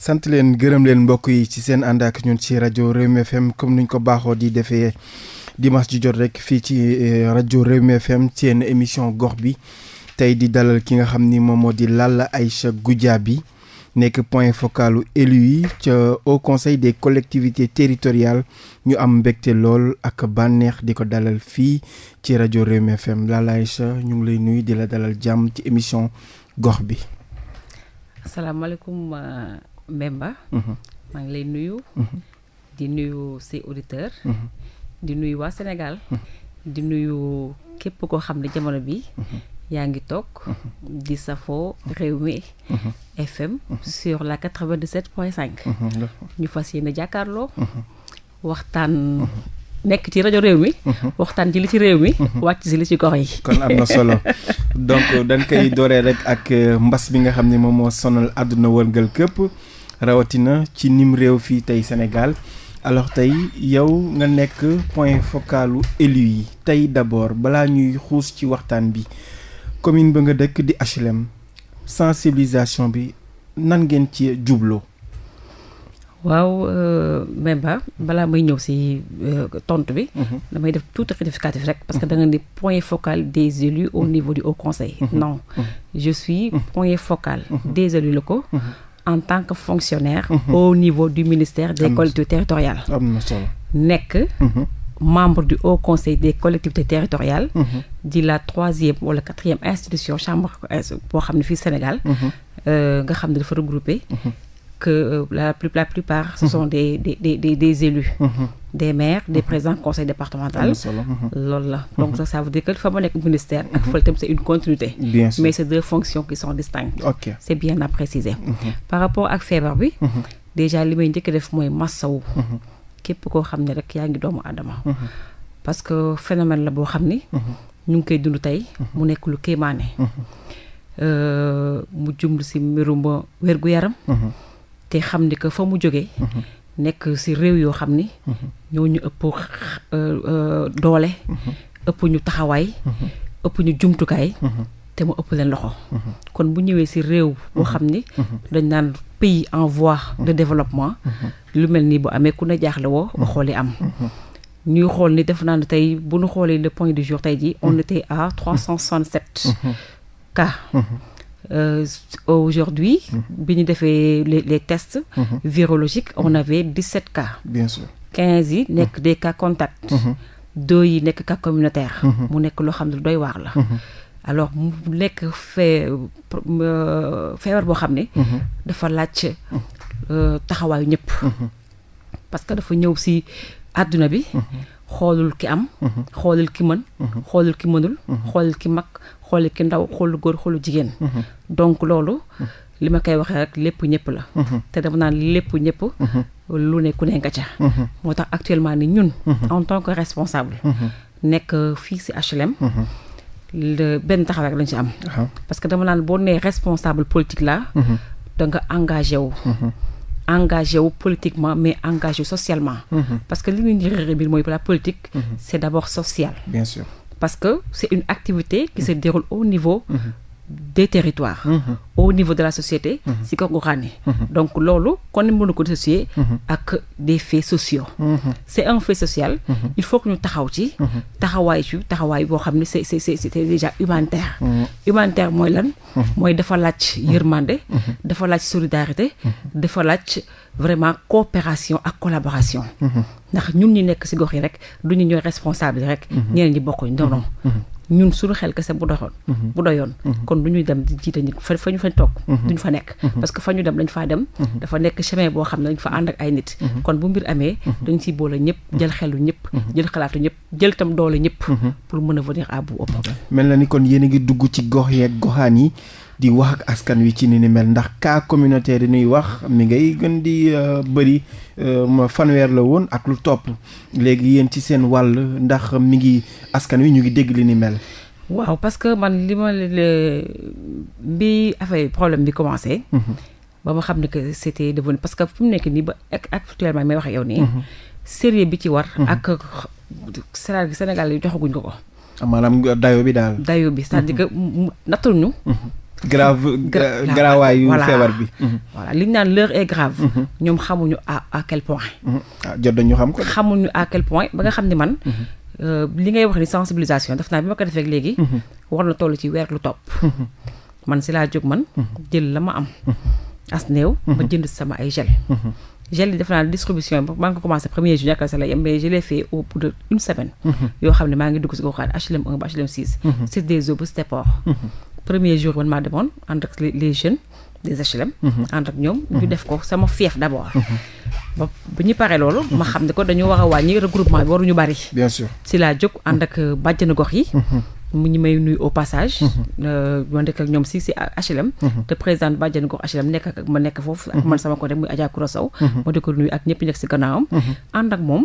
sant leen gërëm leen mbokk yi ci seen ànd ak ñun ci rajo Rewmi FM comme nuñ ko baaxoo di defee dimanche ji jot rek fii ci euh, rajo Rewmi FM seen émission gox bi tey di dalal ki nga xam ni moom moo di Lalla Aïcha bi nekk point focalu élu yi ca au conseil des collectivité territorial ñu am mbégte lool ak bànneex di ko dalal fii ci rajo Rewmi FM Lalla Aïcha ñu ngi lay nuyu di la dalal jàmm ci émission gox bi. Mbemba mhm. maa ngi lay nuyu mhm. di nuyu si auditeur mhm. di nuyu waa Sénégal di nuyu képp koo xam ne jamono bi yaa ngi toog di safoo Rewmi FM sur la 97 point 5 ñu fas yéene jàkkaarloo waxtaan nekk ci rajo réew mi waxtaan ci li ci réew mi wàcc si li ci gox yi kon am na solo donc dañ koy dooree rek ak euh, mbas bi nga xam ne moom moo sonal àdduna wërngal këpp rawatina ci nim réew fii tey Sénégal alors tey yow nga nekk point focalu élu yi tey d'abord balaa ñuy xuus ci waxtaan bi commune ba nga dëkk di HLM sensibilisation bi nan ngeen ci jubloo waaw euh, ba balaa may ñëw si euh, tontu bi. Mhm. damay def tout rectificatif rek. parce que mhm. da nga ni point focal des élus au mhm. niveau du haut conseil. non je suis point focal des élus locaux. en tant que fonctionnaire. Mhm. au niveau du ministère de collectivités territoriales. am nekk. Mhm. membre du haut conseil des collectivités territoriales. Mhm. di la troisième wala quatrième institution chambre euh, boo xam ne fii Sénégal. Euh, nga xam ne dafa regroupé. Euh, la, plus, la plupart, ce sont mhm. des, des, des, des élus. Mhm. des maires mhm. conseil départemental. loolu la donc ça ça veut fa ma nekk ministère. ak fële tam c' est une continuité. bien sûr mais par rapport ak feebar bi. déjà li may njëkk def mooy massawu. képp koo xam ne rek yaa ngi doomu aadama. parce que phénomène la boo xam ni. ñu ngi koy dund tey. mu nekk lu kéemaane. Euh, mu jublu si mbirum wér-gu-yaram. te xam ni que fa mu jógee. Mhm. nekk si réew yoo xam ni. Mhm. ñoo ñu ëpp euh, euh, doole. Mhm. ëpp ñu taxawaay. ëpp ñu jumtukaay. te mu ëpp leen loxo. kon bu ñëwee si réew. boo xam ni dañ naan pays en voie de développement. lu mel ni bu amee ku ne jaaxle woo ba yi am. ñuy xool ni def naa ne tey bu nu xoolee le point du jour tey ji on était à trois cent soixante-sept cas. Euh, aujourd'hui mhm. bi ñu defee les tests mhm. virologiques on mhm. avait 17 cas bien sûr yi nekk des cas contacts deux yi nekk cas communautaire mu nekk loo xam ne doy waax la alors mu nekk fee euh, feebar boo xam ne dafa laaj euh, taxawaayu ñëpp parce que dafa ñëw si àdduna bi xoolul ki am xoolul ki mën xoolul ki mënul xoolul ki mag xooli ki ndaw xoolu góor xoolu jigéen mhm. donc loolu li ma koy waxee rek lépp ñëpp la mhm. te dama naan lépp ñëpp mhm. lu ne ku ne nga ca moo tax actuellement ni ñun en tant que responsable nekk fii si HLM benn taxawaay rek lañ ci am parce que dama naan boo nee responsable politique la da nga engagé wu engagé wu politiquement mais engagé wu socialement parce que li ñu njëriñ mooy la politique c'est d'abord social parce que c'est une activité qui se déroule au niveau mm-hmm. des territoires mm-hmm. au niveau de la société mm-hmm. si ko goxaan yi mm-hmm. donc loolu kon ni mënu ko dissocier ak des faits sociaux c'est un fait social il faut que ñu taxaw ci taxawaay ci taxawaay boo xam ne c'est c'est c'est déjà humanitaire humanitaire mooy lan mooy dafa laaj yërmande dafa laaj solidarité dafa laaj vraiment coopération ak collaboration ndax ñun ñi nekk si gox yi rek du ñu ñooy responsable yi rek ñeneen ñi bokk non non ñun suñu xel kese bu doxoon mhm. bu doyoon mhm. kon du ñuy dem di jiite nit fa fa ñu fa toog mhm. duñ fa nekk parce que fa ñu dem lañ faa dem dafa nekk chemin boo xam ne dañ fa ànd ak ay nit kon bu mbir amee dañ si boole ñëpp jël xelu ñëpp jël xalaatu ñëpp jël tam doole ñëpp pour mën a venir à bout mel na ni kon yéen a ngi dugg ci gox yeeg goxaan yi di wax ak askan wi ci ni ni mel ndax cas communautaire yi nuy wax mi ngay gën di euh, bëri euh, fanweer la woon ak lu topp léegi yéen ci seen wàll ndax mi ngi askan wi ñu ngi dégg li ni mel. waaw parce que man li ma le bi affaire problème bi commencé. Mhm. ba ma xam ne que c'était devenu parce que fu mu nekk nii ba ak actuellement may wax yow nii. Mhm. sérieux bi ci war. Mhm. ak Sénégal yi joxaguñ ko ko. maanaam dayo bi daal. dayo bi c'est-à-dire que grave gra grawaayu feebar bi. Mhm. Mhm. voilà li ñu naan l'heure est grave. Mhm. ñoom xamuñu à à quel point. ah jot nañu xam ko. xamuñu à quel point ba nga xam ni man. Euh, li ngay wax ni sensibilisation def naa bi ma ko defee léegi. war na toll ci weer lu topp. man si laa jóg man. jël la ma am. as ma jënd sama ay gel. gel yi def naa distribution bi maa ko commencé premier juin ak sa la yem mais je l'ai fait au de une semaine. yoo xam ne maa ngi dugg si goxaan HLM 1 ba HLM 6. premier jour man maa demoon ànd ak les jeunes des HLM. Mhm. ànd ak ñoom. ñu mhm. def ko sama fief d' abord. Mhm. ba bu ñu paree loolu. ma xam ne ko dañu war a wàññi regroupement bi waruñu bari. bien si laa jóg ànd ak euh, bàjjenu gox yi. mu ñu may nuy au passage. Euh, ma nekk ak ñoom si si HLM. te présidente bàjjenu gox HLM nekk ak ma nekk foofu. ak man sama côté muy Adja Koura Sow. ma di ko nuyu ak ñëpp nekk si gannaawam. ànd ak moom.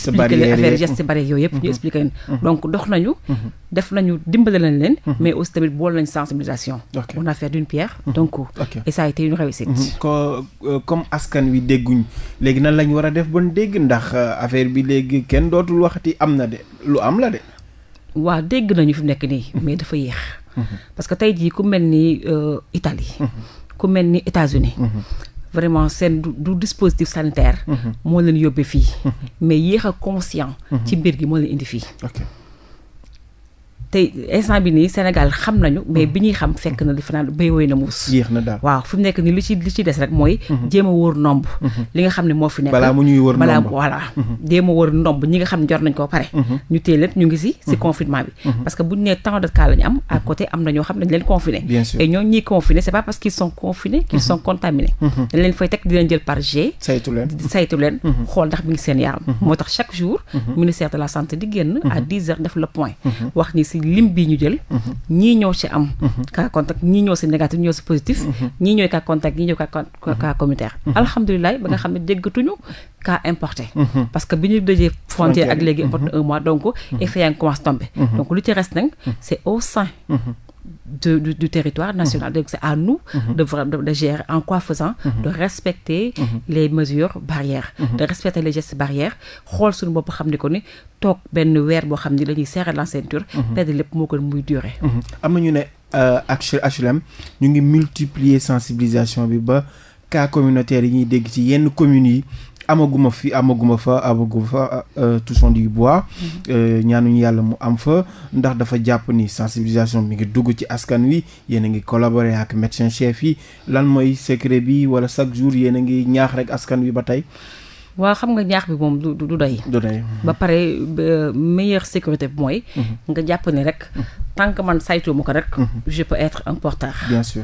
expliqué leen affaire geste barrière yooyu yëpp ñu mhm. expliqué mhm. donc dox nañu mhm. def nañu dimbale nañ leen mais aussi tamit bool nañ sensibilisation on a fait d'une pierre deux coups et ça a été une euh, comme askan wi dégguñ léegi nan lañ war a def bon dégg ndax euh, affaire bi léegi kenn dootul waxati am na de lu am la de waa dégg nañu fi nekk nii mais dafa yéex parce que tey jii ku mel ni euh, Italie ku mel ni États-Unis vraiment seen du dispositif sanitaire mhm. moo leen yóbbee fii mhm. mais yéex a conscient mhm. ci mbir gi moo leen indi fii tey instant bi nii Sénégal xam nañu mais mm-hmm. bi ñuy xam fekk na li fi naan woy na muus waaw fi nekk nii li ci li ci des rek mooy mm-hmm. jéem a wóor nomb mm-hmm. li nga xam ne moo fi nekk balaa mu ñuy wóor nomb a wóor nomb nga xam ne jor nañ ko pare ñu téye ñu ngi si si confinement bi parce que bu nee tant de cas ñu am à côté am na ñoo xam ne dañ leen confiné bien sûr et ñoo ñuy confiné c'est pas parce qu'ils sont confinés qu'ils sont contaminés dañ leen fay teg di leen jël par G saytu leen saytu leen xool ndax mi ngi seen yaram moo tax chaque jour ministère de la santé di génn à dix heures def le point wax lim bi ñu jël mhm. ñii ñoo ci am cas mhm. contact ñii ñoo ci négatif ñii ñoo ci positif mhm. ñii ñooy cas contact ñii ñooy cas communautaire alhamdulilah ba nga xam ne déggatuñu cas importé parce que bi ñu dëjee frontière ak léegi importé un donc effet yaa ngi commencé tombé donc lu ci reste c'est au sein de, du, du, territoire national. Mmh. à nous mmh. de, de, de, gérer en quoi faisant mmh. de respecter mmh. les mesures barrières, mmh. de respecter les gestes barrières. xool suñu bopp xam ne ko ni toog benn weer boo xam ni la ñuy serrer la ceinture. perdre mmh. lépp moo gën muy durer. am na ñu ne HLM euh, ñu ngi multiplier sensibilisation bi ba cas communautaire yi ñuy dégg ci yenn communes yi. amaguma fi amaguma fa amaguma fa euh, euh, touchons du bois mhm. euh, ñaanuñu yàlla mu am fa ndax dafa jàpp ni sensibilisation mi ngi dugg ci askan wi yéen a ngi collaborer ak médecin chef yi lan mooy secret bi wala chaque jour yéen a ngi ñaax rek askan wi ba tey waa xam nga ñaax bi moom du du doy ba pare meilleure sécurité bi mooy mhm. nga jàpp ni rek mhm. tant que man saytu ma ko rek je peux être un bien sûr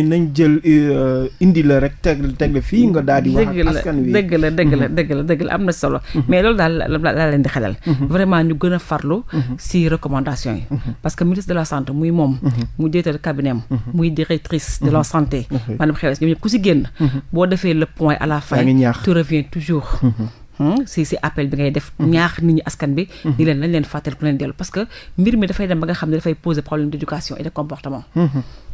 ne nañ jël euh, indi la rek teg teg la fii nga daal di wax askan wi dëgg la dëgg la mhm. dëgg la dëgg la am na solo mhm. mais loolu daal laa leen di xelal mhm. vraiment ñu gën a farlu si recommandation yi parce que ministre de la santé muy moom mu jiital cabinet muy directrice de la santé maanaam xew ñoom ñëpp ku si génn boo defee le point à la fin tu toujours hmm? si si appel bi ngay def ñaax nit ñi askan bi ni leen lañ leen fàttal ku leen dellu parce que mbir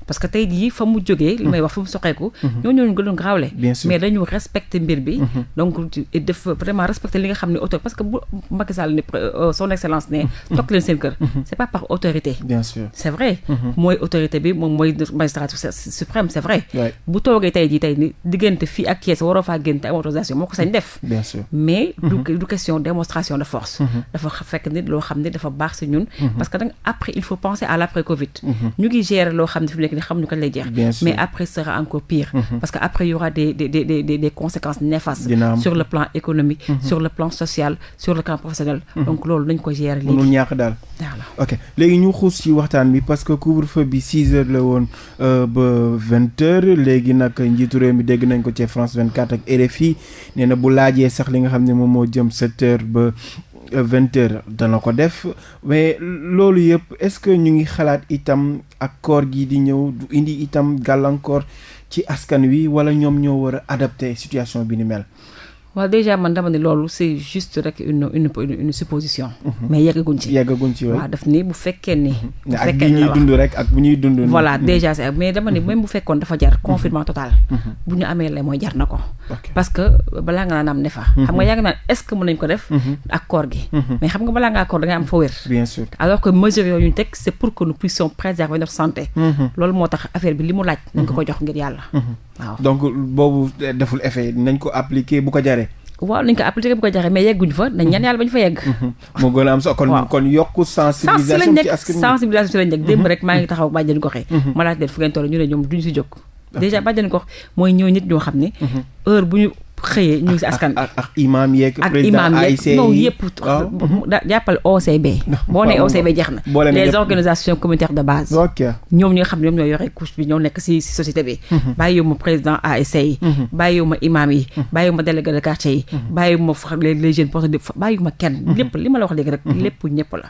parce que tey jii fa mu jógee. li may wax fa mu soqeeku. Mhm. ñooñu ñoo gënoon gaawle. mais dañu respecté mbir bi. Mhm. donc def vraiment respecté li nga xam ne autorité parce que bu Macky euh, mhm. mooy autorité bi moom mooy magistrature suprême c' est vrai. bu toogee tey jii tey ni diggante fii ak kees waroo faa génn te autorisation moo ko sañ def. mais du du question démonstration de force. dafa fekk nit loo xam ne dafa baax si ñun. parce que nag après il faut penser à l' après Covid. ñu ngi gérer loo calculer xamuñu kañ lay jeex. mais après sera encore pire. Mhm. parce que après y aura des des des des des conséquences sur le plan économique. Mhm. sur le plan social sur le plan professionnel. Mhm. donc loolu nañ ko gérer léegi. mënul ñàkk daal. ok léegi ñu xuus ci waxtaan bi parce que couvre-feu bi 6 heures la woon euh, ba 20 heures léegi nag njiitu réew mi dégg nañ ko ci France 24 ak RFI nee na bu laajee sax li nga xam ne moom moo jëm 7 heures ba. vingt heures dana ko def mais loolu yëpp est-ce que ñu ngi xalaat itam ak koor gi di ñëw du indi itam gàllankoor ci askan wi wala ñoom ñoo war a adapté situation bi ni mel. waa déjà man dama ne loolu c'est juste rek une une une supposition. Mhm. mais yeggaguñ ci. yeggaguñ ci waaw daf ni bu fekkee ni. Mhm. bu fekkee ne ak bi ñuy bu ñuy dund. Mhm. dafa jar confinement total. bu ñu amee lay mooy jar na ko. parce que balaa nga naan am ne fa. xam nga yàgg naa est-ce que mën nañ ko def. ak gi. mais xam nga balaa ngaa koor da nga am fa wér. bien sûr alors que mesures yooyu ñu teg c'est pour que nous puissions préserver notre santé. loolu moo tax affaire bi li mu laaj. nañ ko ko donc boobu eh, deful effet nañ ko appliquer bu ko jaree. waaw nañ ko appliquer bu ko jaree mais yegguñu fa nañ ñaan mhm. yàlla ba ñu fa yegg. Mhm. moo gën a am so kon kon yokku sensibilisation ci askan wi sensibilisation si lañ nekk démb mhm. rek maa ngi taxaw bàjjenu gox yi. ma laaj leen ñu ne ñoom duñ si jóg. déjà bàjjenu gox mooy ñëw nit ñoo xam ne. heure bu ñu xëyee ñu ngi si askan bi ak imaam yeeg président AIC yi ah. non yëpp jàppal OCB boo ne OCB jeex na les organisations communautaires de base ñoom ñi xam ne ñoom ñoo yore couche bi ñoo nekk si si société bi mhm. bàyyi ma président AIC yi mhm. bàyyi ma imaam yi mhm. bàyyi ma délégué de quartier yi bàyyi ma les jeunes porteurs de bàyyi ma kenn lépp li ma la wax léegi rek lépp ñëpp la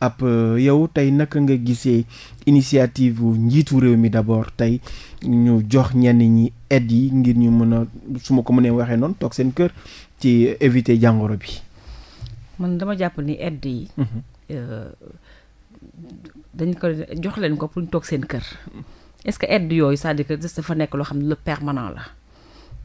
ab euh, yow tey naka nga gisee initiative njiitu réew mi d'abord tey ñu jox ñenn ñi ed yi ngir ñu mën a su ma ko mënee waxee noonu toog seen kër ci éviter jàngoro bi. man dama jàpp ni aide yi. Mhm. Euh, dañ ko jox leen ko pour ñu toog seen kër. est-ce que aide yooyu sa à dire dafa nekk loo xam ne lu permanent la.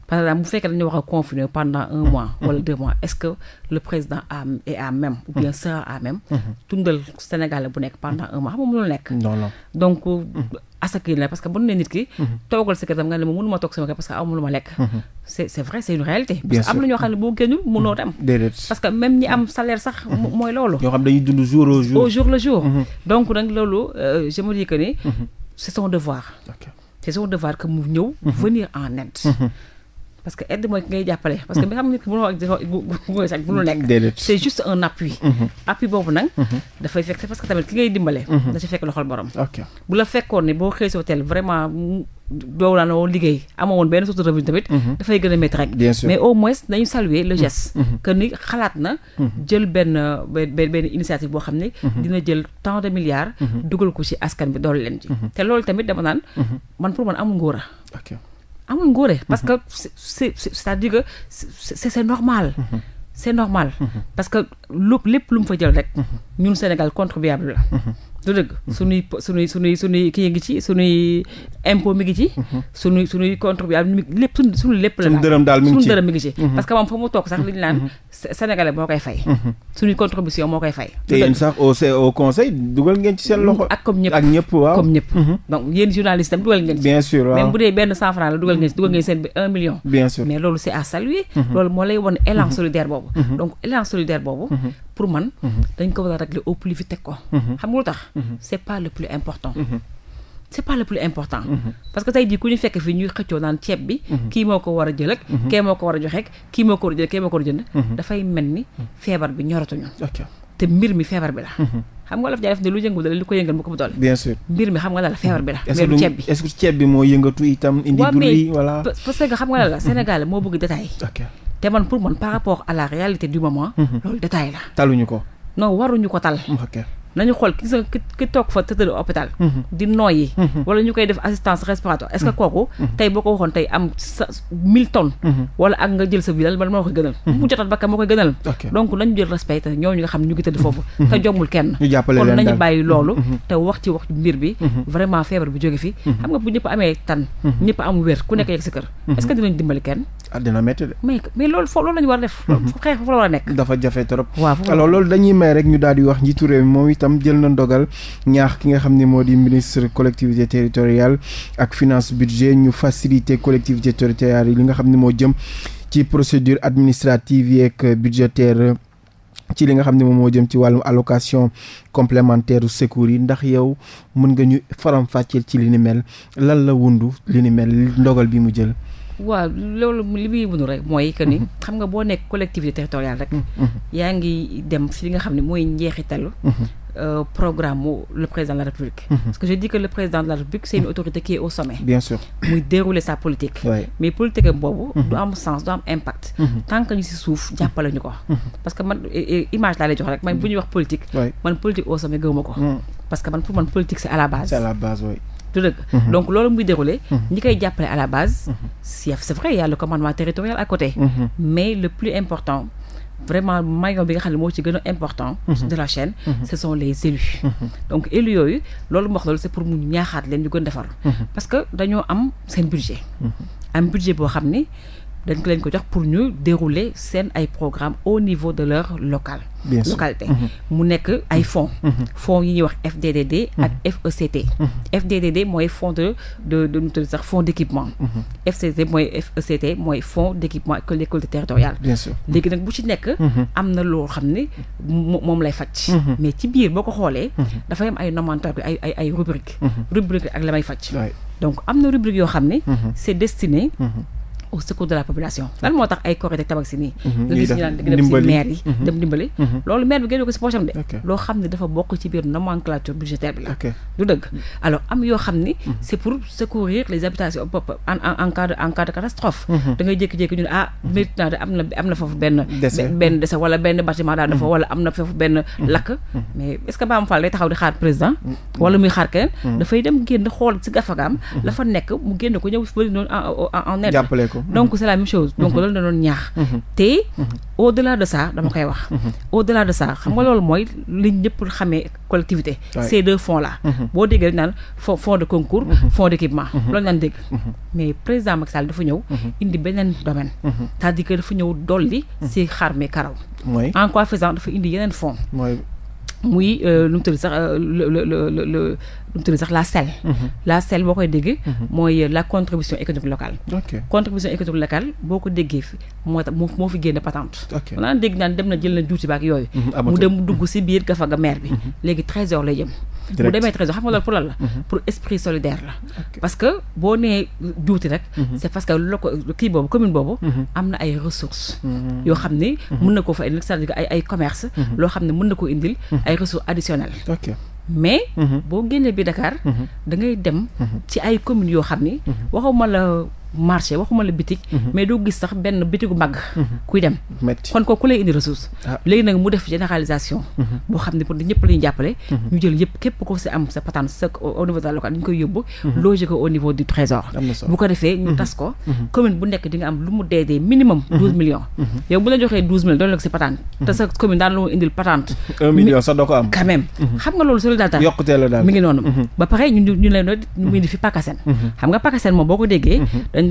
par exemple bu fekkee dañu wax a confiner pendant un mois mm-hmm. wala deux mois est-ce que le président a est à même ou bien mm-hmm. sera à même tundal mm-hmm. Sénégalais bu nekk pendant un mois xam nga mënul nekk donc asaka euh, la parce que bu ne nit ki toogal sa kër tam nga ne ma mënuma toog sama kër parce que aw ma lu ma lekk c'est c'est vrai c'est une réalité parce que am na ñoo xam ne boo génnul mënoo dem parce que même ñi am salaire sax mooy loolu ñoo xam dañuy dund jour au jour au jour le jour donc nag loolu euh, je me dis que ni c'est son parce que aide mooy ki ngay jàppale. parce que bi mm. xam nit nekk. c'est juste un appui. Mm-hmm. appui boobu nag. Mm-hmm. dafay fekk parce que tamit ki ngay dimbale. Mm-hmm. da ci fekk loxol borom. ok bu la fekkoon ne boo xëy si hôtel vraiment doo la noo liggéey amoo benn source de tamit. dafay gën a métti rek. bien sûr mais au moins nañu saluer le geste. que ni xalaat na. jël benn benn benn initiative boo xam ne. dina jël tant de milliards. dugal ko ci askan bi dool leen ci. te loolu tamit dama naan. man pour man amul amul ngóore parce que mhm. c'est c'est-à-dire que c'est c'est normal c'est normal mhm. mhm. parce que lu lépp lu mu fa jël rek ñun Sénégal contribuable la du dëgg mhm. suñuy kii ngi ci suñuy impôt mi ngi ci mhm. suñuy suñuy contribuable mi lépp suñ suñu lépp la suñu dërëm daal mi ngi dërëm mi ngi ci mhm. parce que moom fa mu toog sax li naan sénégalais moo koy fay suñuy contribution moo koy fay te yéen sax au ak comme ñëpp ak ñëpp waaw comme ñëpp donc yéen journaliste tam dugal ngeen ci bien sûr waaw même bu dee benn cent franc la dugal ngeen ci dugal ngeen seen bi un million bien sûr mais loolu c'est à saluer loolu moo lay won élan solidaire boobu pour man. Mhm. dañ ko war a régler au plus fi teg ko. Mhm. xam nga lu tax. Mhm. c'est pas le plus important. c'est pas le plus important. parce que tey jii ku ñu fekk fii ñuy xëccoo naan ceeb bi. kii moo ko war a jël ak. kee moo ko war a joxe kii moo ko war a jël kee moo ko war a jënd. dafay mel ni feebar bi ñoratuñu. te mbir mi feebar bi la. xam nga la jaay def ne lu yëngu dala li ko yëngal mu feebar bi la. mais ceeb bi est ceeb bi moo yëngatu itam. indi bruit voilà xam nga la la Sénégal moo bëgg détail. te pour man par rapport à la réalité du moment. Mhm. loolu détail la. taluñu ko. non waruñu ko tal. nañu xool ki sa ki toog fa tëdd hôpital mhm. di noyyi mhm. wala ñu koy def assistance respiratoire est-ce que mhm. kooku tey boo ko waxoon tey am sa mille tonnes ak nga jël sa vidal man moo koy gënal mu jotat bakkan moo koy gënal donc nañu jël respect te ñooñu nga xam ne ñu ngi tëdd foofu te jommul kenn kon nañu bàyyi loolu te wax ci wax mbir bi vraiment feebar bu jóge fi xam nga bu ñëpp amee tan ñëpp am wér ku nekk yegg sa kër est-ce dimbali kenn ah dina a a itam jël na ndogal ñaax ki nga xam ni moo di ministre collectivité territoriale ak finance budget ñu facilité collectivité territoriale yi li nga xam ne moo jëm ci procédure administrative yeeg budgétaire ci li nga xam ne moom moo jëm ci wàllum allocation complementaire secours yi ndax yow mën nga ñu faram fàcceel ci li ni mel lan la wundu li ni mel ndogal bi mu jël waaw loolu li muy wunu rek mooy que ni mm-hmm. xam nga boo nekk collectivité territoriale rek mm-hmm. yaa ngi dem si li nga xam ne mooy njeexitalu mm-hmm. euh, programme le président de la république parce que je dis que le président de la république c'est autorité qui au sommet bien sûr muy dérouler sa politique mais politique am du am sens du am impact tant ñu si suuf jàppale ñu ko parce que man image laa lay jox rek man bu ñuy wax politique man politique au sommet gëwuma ko mm. parce que man pour man politique c'est à la du dëgg mm-hmm. donc loolu muy déroulé mm-hmm. ñi koy jàppale à la base si c'est vrai il y a le commandement territorial à côté mm-hmm. mais le plus important vraiment maillon bi nga xam ne moo ci gën a important de la chaîne ce sont les élus donc élus yooyu loolu mu wax loolu c'est pour mu ñaaxaat leen ñu gën defar parce que dañoo am seen budget am budget boo xam ne dañ ko leen jox pour ñu dérouler seen ay programme au niveau de leur local bien sûr mhm. mu nekk ay fonds mhm. fonds yi ñuy wax FDDD ak mhm. FECT FDDD mooy fonds de de de nu sax fonds d' équipement FCT mooy e mooy fonds d' équipement collectivité territoriale bien sûr léegi nag bu ci nekk am na loo xam ne moom lay faj mais ci biir boo ko xoolee dafay am ay nomenclature ay ay ay rubrique rubrique ak la may faj donc am na rubrique yoo xam ne c' destiné au secours de la population lan moo tax ay Korité ak Tabaski nii mhm, nga gis ñu naan dem si maire yi mhm. dem dimbali mhm. loolu maire bi génne ko si poche de loo xam ne dafa bokk ci biir nomenclature budgétaire bi la du dëgg alors am yoo xam ni c'est pour secourir les habitations en cas de catastrophe da ngay jékki ñu ne ah mérite naa de am na am benn dese wala benn bâtiment daal dafa wala am na foofu benn lakk mais est-ce que Bamba Fall taxaw di xaar donc c'est la même chose donc mhm. loolu da doon ñaax mhm. te mhm. au delà de ça dama koy wax au delà de ça xam nga loolu mooy li ñëpp xamee collectivité ces deux fonds là boo déggee naan fond fonds de concours fonds d'équipement loolu naan dégg mais président Macky Sall dafa ñëw indi beneen domaine cest à dafa ñëw dolli si xarme karaw en quoi faisant dafa indi yeneen fonds muy lu euh, mu sax euh, le le le lu mu tudd sax la SEL. Mhm. la SEL boo koy dégg. Mhm. mooy euh, la contribution économique locale. contribution économique locale boo ko déggee fi moo tax moo fi génn patente. ok maanaam dégg naan dem na jël na juuti baak yooyu. Mhm, mu dem dugg si biir gafa ga maire bi. léegi trésor lay jëm. mu demee trésor xam nga loolu pour lan la. pour esprit solidaire la. parce que boo nee juuti rek. c'est parce que lo ko kii boobu commune boobu. am na ay ressources. yoo xam ne mën na koo fa indil c'est-à-dire mais. Mhm. boo génnee bi Dakar. Mhm. da ngay dem. Mhm. ci ay communes yoo xam ni. waxuma la marché waxuma la bitig mhm. mais doo gis sax benn bitigu mag mhm. kuy dem kon ko ku lay indi ressource ah. léegi nag mu def généralisation mhm. boo xam ne pour ñëpp la jàppale ñu jël yëpp képp ko si am sa patente sa commune bu nekk di am lu mu dee dee minimum douze millions yow bu la joxee douze la si patente te sa commune daan loo indil patente un million sax doo ko am quand xam nga loolu solidarité yokkutee ngi noonu ba pare ñu ñu leen doon mu indi fi pakaseen xam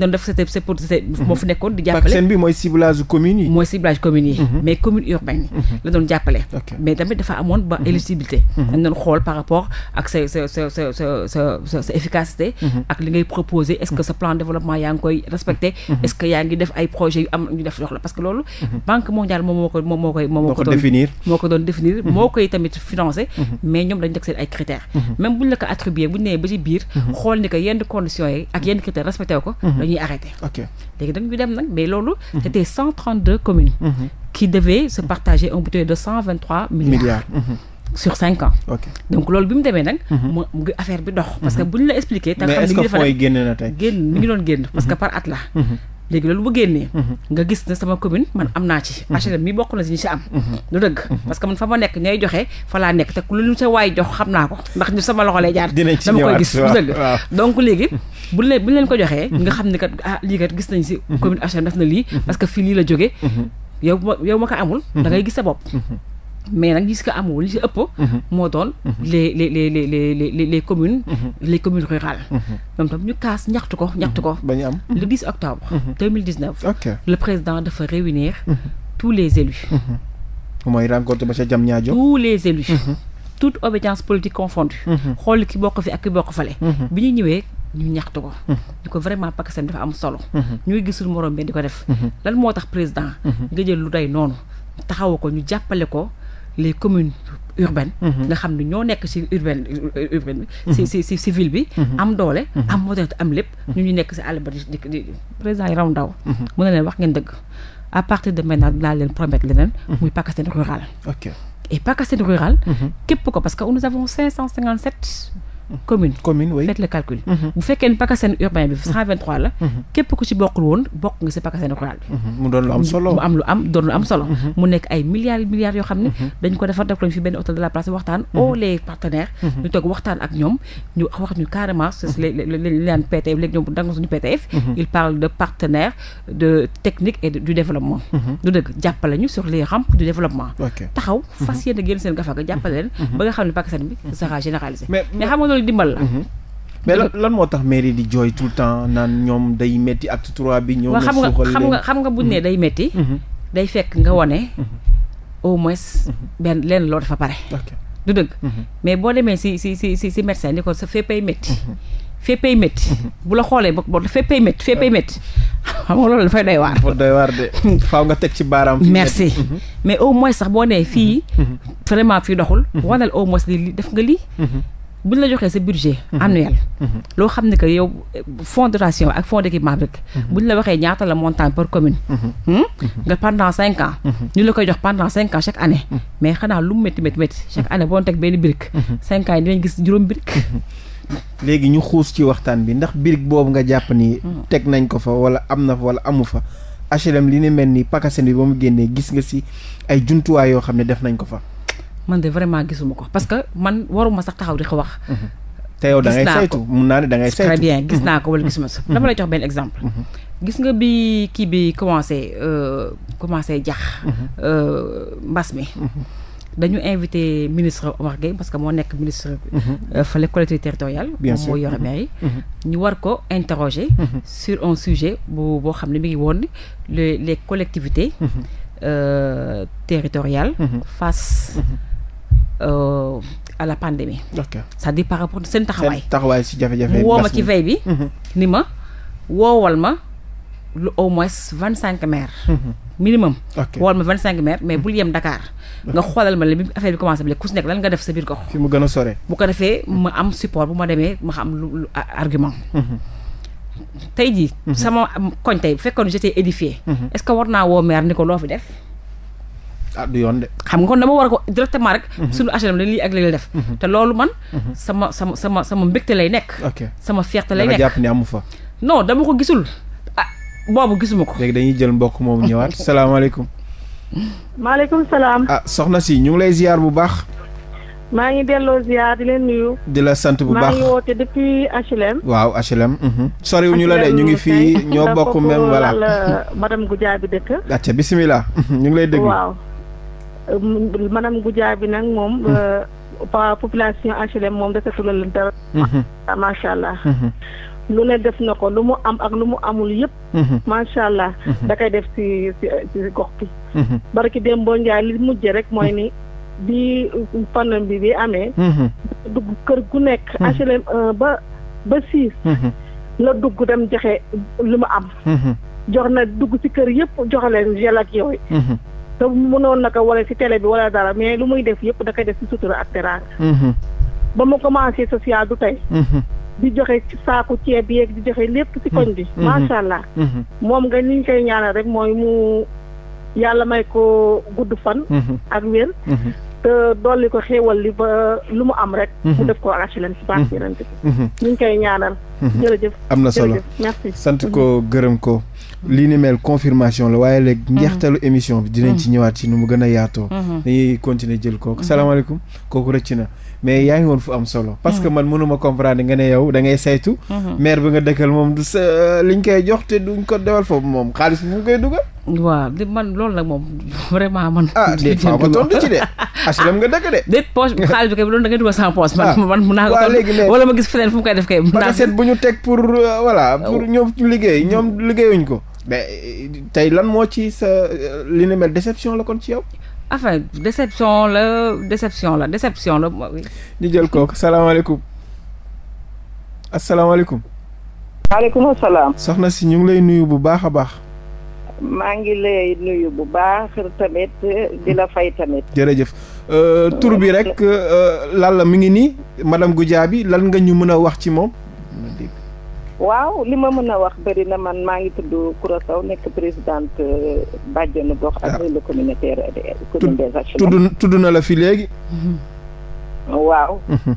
lañ doon moo mhm. fi nekkoon di jàppale mooy ciblage communes yi mooy ciblage communes yi mhm. mais communes urbaines yi mhm. la doon jàppale mais tamit dafa amoon ba éligibilité dañ doon xool par rapport ak sa sa sa sa efficacité ak li ngay proposer est-ce que sa plan développement yaa ngi koy respecté est-ce que yaa ngi def ay projets yu am ñu def jox la parce que loolu banque moom moo moom moo koy moo ko définir moo koy tamit financé mais ñoom dañ teg seen ay critères même Mhm. dañuy arrêté léegi dañ ñu dem nag mais loolu mhm. c'était cent trente deux communes mhm. qui devaient se partager un budget de cent vingt trois milliards sur cinq ans. donc loolu bi mu demee nag. mu affaire bi dox. parce que bu ñu la expliqué. te xam ne ngi mais est génn na ngi doon génn parce que par at léegi loolu bu génnee. Mhm. nga gis ne sama commune man am naa ci. HLM mi H&M bokk na si ñu si am. lu mhm. dëgg mhm. parce que man fa ma nekk ñay joxe fa laa nekk te ku lu sa waay jox xam naa ko ndax ñu sama loxo lay jaar. dinañ ci ñëwaat dama koy donc léegi bu leen bu leen ko joxee. nga xam ni kat ah lii kat gis nañ si. commune HLM def na lii. parce que fii lii la jógee. yow ma yow ma ko amul. da ngay gis sa bopp. mais nag gis ko amul li si ëpp. Mhm. moo doon mhm. les les les les les les communes. Mhm. les communes rurales. ñoom ñu kaas ñaxtu ko ñaxtu ko. ba ñu am le 10 octobre. 2019. le président dafa réunir. tous les élus. mooy rencontre ba ca Diamniadio. tous les politique confondue. xool ki bokk fi ak ki bokk fale. bi ñu ñëwee ñu ñaxtu ko. ñu ko vraiment pakistan dafa am solo. ñuy gisul morom benn di ko def. lan moo tax président. nga jël lu day noonu taxawu ko ñu jàppale ko. les communes urbaines mhm. nga xam ne ñoo nekk ci urbaine euh, urbaine bi mhm. ci ci ci civil bi mhm. am doole am modèle am lépp ñu ñu nekk ci àll ba di président Yaram Ndao mu ne leen wax ngeen dëgg à partir de maintenant dinaa leen promettre leneen muy PACASEN rural et PACASEN rural képp ko parce que nous avons commune commune oui faites le calcul. bu mm-hmm. fekkee ne PACASEN urbain bi 123 la. Mm-hmm. képp ku ci bokkul woon bokk nga si PACASEN rural bi. Mm-hmm. mu doon lu am solo mu am lu am doon lu am solo. mu nekk ay milliards milliards yoo xam ne. dañ ko defar def lañu fi benn hôtel de la place waxtaan. au les partenaires. ñu toog waxtaan ak ñoom ñu wax ñu carrément c' est li du développement. taxaw fas yéene génn seen gafa ga jàppale leen. ba nga xam ne PACASEN bi sera généralisé. mais loolu dimbal la. Mhm. mais lan moo tax mairie jooy tout le temps naan ñoom day metti acte trois bi. ñoom xam nga xam nga xam nga buñ ne mhm. day metti mhm. day fekk nga wone au moins benn lenn loo dafa pare. du dëgg. mais boo demee si si si si si médecin ni sa féppay métti. féppay métti. bu la xoolee ba ba féppay métti féppay métti xam nga loolu dafay doy waar. dafa doy de faaw nga teg ci baaraam. merci mais au moins sax boo nee fii. vraiment fii doxul. wanal au moins li def nga lii. bu ñu la joxee sa budget mhm. annuel mhm. loo xam ne que yow fonds de dotation ak fonds d'équipement rek mhm. bu ñu la waxee ñaata la montant par commune hmm? nga pendant cinq ñu la ko jox pendant cinq chaque année mais xanaa lu mu métti métti métti chaque année boo teg benn brique cinq ans yi dinañ gis juróom brique léegi ñu xuus ci waxtaan bi ndax brique boobu nga jàpp ni hmm. teg nañ ko fa wala am na fa wala amu fa HLM li ne mel ni pakaseen bi ba mu génnee gis nga si ay jumtuwaay yoo xam ne def nañ ko fa man de vraiment gisuma ko parce que man waruma sax taxaw di ko wax. Mhm. te yow da ngay saytu mun naa ne da ngay saytu très bien gis mhm. naa ko wala gisuma sax. dama lay jox benn exemple. Mhm. gis nga bi kii bi commencé euh, commencé jax euh, mbas mi. dañu invité ministre Omar Gueye parce que moo nekk ministre. Euh, fële collectivité territoriale. bien sûr moom moo yore maire yi. ñu war ko interroger. sur un sujet bu boo xam ne mi ngi woon les les collectivités. territoriales. face. Euh, à la pandémie. ok c'est-à-dire par rapport seen taxawaay. seen si jafe-jafe woo ma ci veille bi. Mhm. ni ma woowal ma lu au moins vingt cinq maires. Mhm. minimum. ok woowal ma vingt cinq maires mais mhm. bul yem Dakar. nga xoolal ma li bi affaire bi commencé bi ku si nekk nga def sa biir gox. fi mu gën a sore. bu ko defee ma am support bu ma demee ma xam lu argument. tey jii. sama koñ tey bu fekkoon j'étais édifié. est-ce que war naa woo maire ni ko loo fi def. ah yoon de. xam nga kon dama war ko directement rek. Mhm. suñu HLM dañuy lii ak lii def. Mhm. te loolu man. Mhm. sama sama sama sama mbégte lay nekk. sama fierté lay nekk dama jàpp amu fa. non dama ko gisul a ah, boobu gisuma ko. léegi dañuy jël mbokk moom ñëwaat salaamaaleykum. maaleykum salaam. ah soxna si ñu ngi lay ziar bu baax. maa ngi delloo ziar di leen nuyu. di la sant bu baax maa ngi woote depuis HLM. la de ñu ngi fii ñoo bokk même. voilà euh, madame Goudia bi dëkk. acca bisimilah ñu ngi lay déglu Euh, madame Goudia bi nag moom. Hmm. Euh, pa population HLM moom defatul la dara. macha allah. lu ne def na ko lu mu am ak lu mu amul yëpp. macha allah. da koy def si si si gox bi. barki Demba Ndiaye li mujj rek mooy ni bi euh, pandémie bi bi amee. dugg kër gu nekk. HLM ba ba six. la dugg dem joxe lu mu am. jox na dugg si kër yëpp joxe leen gel ak te mënoon na ko wala si télé bi wala dara mais lu muy def yëpp da koy def si sutura ak teraanga. Mm-hmm. ba mu commencé social du tey. Mm-hmm. di joxe saaku ceeb yéeg di joxe lépp si koñ bi. Mm-hmm. macha allah. moom nga ni koy ñaanal rek mooy mu yàlla may ko gudd fan. ak wér. te dolli ko xéewal li ba lu mu am rek. mu def ko arachilène si baax yeneen bi. ñu ngi koy ñaanal. jëf am na solo merci sant ko gërëm ko. li ni mel confirmation la waaye léegi mhm. njeextalu émission bi dinañ ci mhm. ñëwaat ci nu mu gën a yaatoo mhm. dañuy continuer jël kooku salaamaaleykum kooku rëcc na mais yaa ngi woon fu am solo parce que man mënuma comprendre nga da ngay sa liñ koy jox te duñ ko dewal foofu moom xaalis bi fu mu koy dugal waaw li man man. ah déet faaw ko tontu ci de HLM ah. ma gis feneen fu mu koy def kay. mun naa seet bu ñu teg pour euh, voilà pour oh. ñoom liggéey ñoom liggéeyuñ ko. mais tey lan moo ci sa li ni mel déception la kon ci yow. enfin déception la déception la déception la. ñu jël kooku salaamaaleykum. asalaamaaleykum. waaleykum salaam. soxna si ñu ngi lay nuyu bu baax a baax. maa ngi lay nuyu bu baax tamit di la fay tamit. jërëjëf euh, tur bi rek euh, lan la mi ngi nii madame Goudiaby lan nga ñu mën a wax ci moom. waaw li ma mën a wax bëri na man maa ngi tudd Koura saw nekk présidente euh, bàjjenu gox ak réseau ah. communautaire euh, des communes des tudd na la fi léegi. Mm-hmm. waaw. Mm-hmm.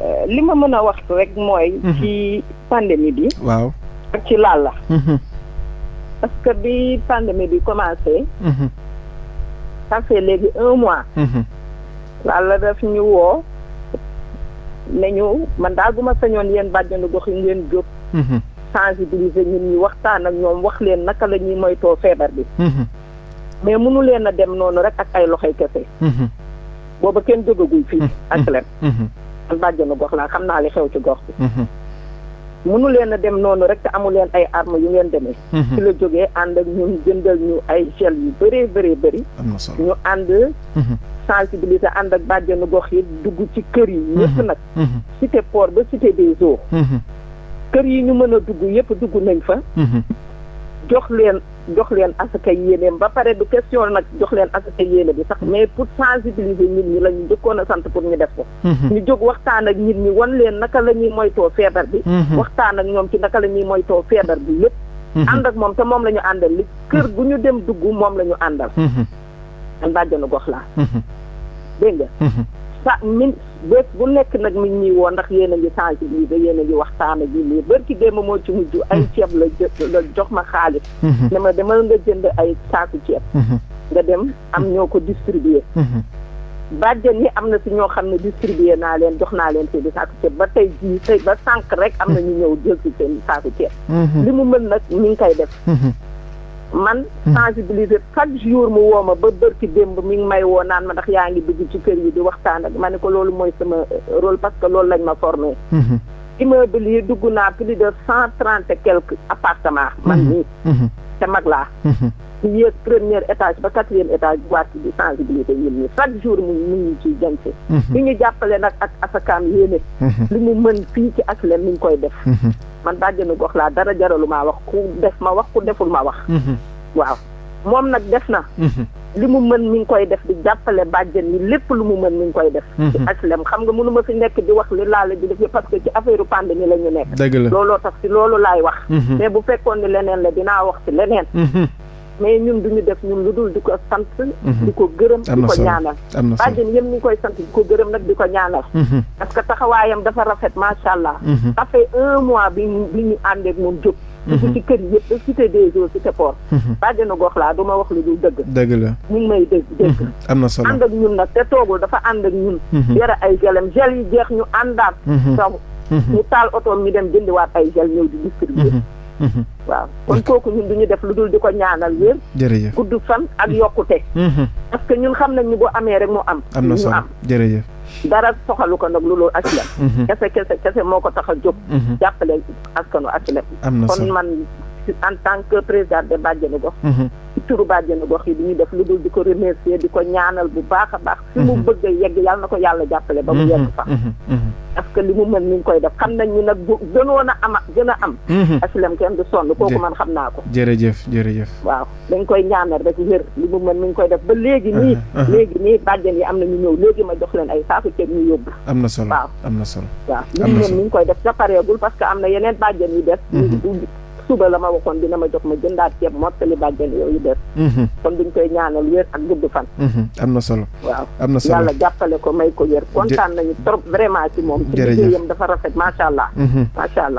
Euh, li ma mën a wax rek mooy. Mm-hmm. ci pandémie bi. waaw ak ci laal la. parce que bi pandémie bi commencé. ça fait léegi un mois. laal la ñu woo. ne ñu man daal bu ma sañoon yéen bàjjenu gox yi ngeen jóg. Mhm. sensibiliser ñun ñi waxtaan ak ñoom wax leen naka la ñuy moytoo feebar bi. Mhm. mais mënu leen a dem noonu rek ak ay loxoy kese. Mhm. booba kenn jógagul fii ak leen. man gox laa xam naa li xew ci gox bi. mënu leen dem noonu rek te amu leen ay arme yu ngeen demee. ci la jógee ànd ak ñun jëndal ñu ay gel yu bëree bëree bëri. ñu ànd. sensibiliser ànd ak bàjjenu gox yi dugg ci kër yi yëpp mhm. nag mhm. cité port ba cité des eaux mhm. kër yi ñu mën a dugg yëpp dugg nañ fa jox leen jox leen asaka yéeneem ba pare du question nag jox leen asaka yéene bi sax mais pour sensibiliser nit ñi la ñu jëkkoon a sant pour ñu def ko ñu jóg waxtaan ak nit ñi wan leen naka la ñuy moytoo feebar bi waxtaan ak ñoom ci naka la ñuy moytoo feebar bi lépp ànd ak moom te moom lañu ñu àndal li kër gu ñu dem dugg moom lañu ñu àndal man gox laa dégg nga. Mhm. sa min bés bu nekk nag mi ñuy woo ndax yéen a ngi sensibiliser yéen a ngi waxtaan ak lii barki démb moo ci mujj. ay mhm. ceeb la la jox ma xaalis. Mhm. ne ma demal nga jënd ay saaku ceeb. nga dem am ñoo ko distribuer. bàjjen yi am na si ñoo xam ne distribuer naa leen jox naa leen seen i saaku ceeb ba tey jii tey ba sànq rek am na ñu ñëw jël si seen saaku ceeb. li mu mën nag mi ngi koy def. man hmm. sensibiliser chaque jour mu woo ma ba bërki démb mi ngi may woo naan ma ndax yaa ngi dugg ci kër yi di waxtaan ak ma ne ko loolu mooy sama euh, rôle parce que loolu lañ ma formé hmm. immeuble yi dugg naa plus de cent trente et appartement appartements man hmm. nii te mag laa mhm. di yéeg premier étage ba quatrième étage wàcc di sensibiliser yéen ñi chaque jour mu mu ngi ciy jànte li ñu jàppale nag ak asakaam yéene mhm. li mu mën fii ci aslem mi ngi koy def mhm. man bàjjenu gox laa dara jaralu ma wax ku def ma wax ku deful ma wax waaw moom nag def na li mu mën mi ngi koy def di jàppale bàjjen ni lépp lu mu mën mi ngi koy def. ci mhm. HLM xam nga mënuma fi nekk di wax li la di def parce que ci affaire pandémie la ñu nekk. dëgg la looloo tax si loolu laay wax. Mhm. mais bu fekkoon ni leneen la dinaa wax si leneen. Mhm. mais ñun duñu def ñun lu dul di ko sant. di ko gërëm di ko ñaanal. am na ñu ngi koy sant di ko gërëm nag di ko ñaanal. parce que taxawaayam dafa rafet macha allah. ça un mois bi ñu bi ñu àndeek moom jóg. dugg mhm. ci kër yëpp cité des eaux cité port mhm. bàjjenu gox laa duma wax lu dul dëgg dëgg la ñu ngi may dégg dégg mhm. am na solo ànd ak ñun nag te toogul dafa ànd ak ñun yore ay gelem gel yi jeex ñu àndaat saw ñu taal otoom ñu dem jëndiwaat ay gel ñëw di distribuer waaw kon kooku ñun du ñu def lu dul di ko ñaanal wér jërëjëf gudd fan ak yokkute parce que ñun xam nañ ñu boo amee rek mu am am na solo jërëjëf dara soxalu ko nag lu loolu asilem mhm. kese kese kese moo ko tax a jóg mhm. jàppale askanu asilem kon man en tant que président de bàjjenu gox mhm. turu bàjjenu gox yi du ñu def lu dul di ko remercier di ko ñaanal bu baax a baax fi mu mhm. bëgg yegg yàlla na ko yàlla jàppale ba mu yegg mhm. fa mhm. parce que li mu mën mi ngi koy def xam nañ ñu nag a ama gën a am asilem kenn du sonn kooku man xam ko jërëjëf ba léegi nii uh-huh, uh-huh. léegi nii bàjjen yi am na ñu ñëw léegi ma jox leen ay saaku ceeb ñu yóbbu am na solo waaw am na solo waaw li mu mën mi ngi koy def sa pareegul parce que am na yeneen bàjjen yi des suba la ma waxoon dina ma jox ma jëndaat ceeb mottali bàjjen yooyu def mhm. kon duñ koy ñaanal wér ak gudd fan mhm. am na solo waaw am na solo yàlla jàppale ko may ko wér kontaan nañu trop vraiment ci moom ci liggéeyam dafa rafet macha allah mhm. macha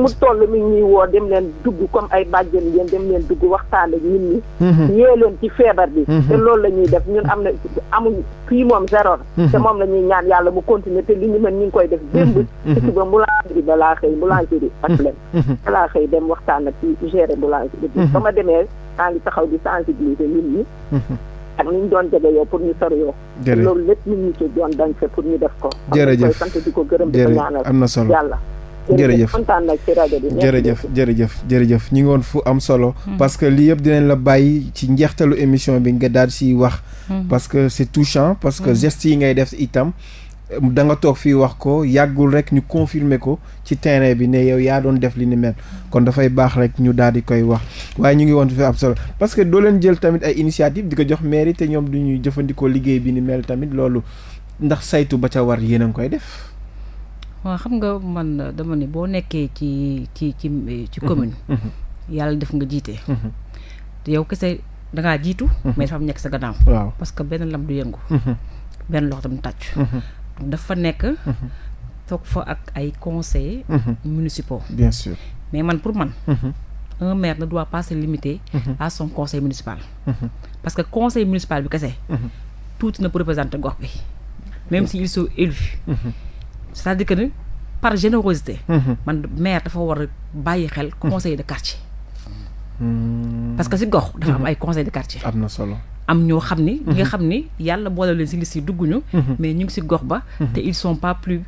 mu toll mi ñuy woo dem leen dugg comme ay bàjjen yéen dem leen dugg waxtaan ak nit ñi ñee leen ci feebar bi te loolu la ñuy def ñun am na amuñ fii moom zéro te moom la ñuy ñaan yàlla mu continuer te li ñu mën ñu ngi koy def démb ci suba boulangerie balaa xëy waxtaan ak ci gérer boulance bi. Mhm. ba ma demee maa ngi taxaw di sensibiliser nit ñi. Mhm. ak ni ñu doon jege yow pour ñu sori yow. jërëjëf loolu lépp nit ñi ci doon dañ fe pour ñu def ko. jërëjëf sant di ko gërëm di ko ñaanal am na solo yàlla. jërëjëf jërëjëf jërëjëf jërëjëf ñi ngi woon fu am solo mhm. parce que lii yëpp dinañ la bàyyi ci njeextalu émission bi nga daal siy wax parce que c'est touchant parce que gestes yi ngay def itam da nga toog fii wax ko yàggul rek ñu confirmer ko ci terrain bi ne yow yaa doon def li ni mel kon dafay baax rek ñu daal di koy wax waaye ñu ngi woon fi ab solo parce que doo leen jël tamit ay initiative te ñoom du ñuy jëfandikoo liggéey bi ni mel tamit loolu ndax saytu ba ca war yéen a ngi koy def. waaw xam nga man dama ne boo nekkee ci ci ci ci commune. Mm-hmm. Mm-hmm. yàlla def nga jiite. te mm-hmm. yow kese da ngaa jiitu. benn lam du yëngu. benn loxo tamit tàcc. dafa nekk. Mhm. toog fa ak ay conseillers. Mhm. municipaux. bien mais man pour man. Mhm. un maire ne doit pas se limiter. à son conseil municipal. parce que conseil municipal bi kese. tuuti na pour représenter gox bi. même si ils sont élus. cest à que ni par générosité. man maire dafa war bàyyi xel conseil de quartier. Hmm. parce que si gox. dafa am ay conseil de quartier. am na solo. am ñoo xam ni ñi nga mhm. xam ni yàlla boole leen si liste yi dugguñu mhm. mais ñu ngi si gox ba mhm. te ils sont pas plus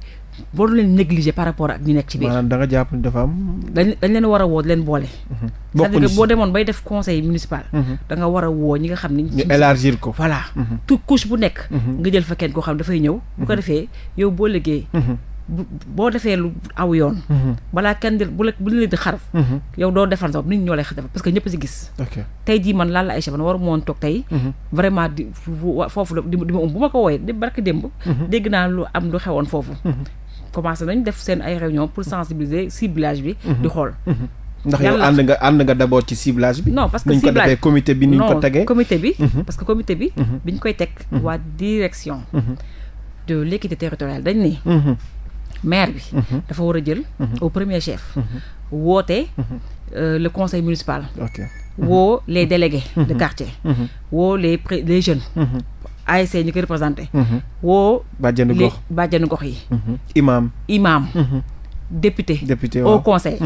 boolu leen négliger par rapport ak ñu nekk ci biir maanaam jàpp ni dafa am dañ dañ leen war a woo leen boole cest à boo demoon bay def conseil municipal da war a woo ñi nga xam ni ñu élargir ko voilà tout couche bu nekk nga jël fa kenn koo xam dafay ñëw bu ko defee yow boo liggéey boo defee lu aw yoon. Mhm. balaa kenn di bu la bu la di xaraf. Mhm. yow doo defal sa bopp nit ñoo lay xaraf parce que ñëpp si gis. tey jii man laal la Aïcha man waru moon toog tey. Mhm. vraiment di foofu di ma um bu ma ko wooyee di barki démb. dégg naa lu am lu xewoon foofu. commencé nañ def seen ay réunion pour sensibiliser ciblage bi. di xool. ndax yow ànd nga ànd nga d'abord ci bi. non parce que ciblage ko bi ni ñu ko tegee. comité bi parce que comité maire bi. Mhm. dafa war a jël. Mhm. au premier chef. Mhm. woote euh, le conseil municipal. woo les délégués. de quartier. woo les pré les jeunes. ASC ñu koy représenté. woo. bàjjenu gox yi. imaam imaam. député. député au conseil.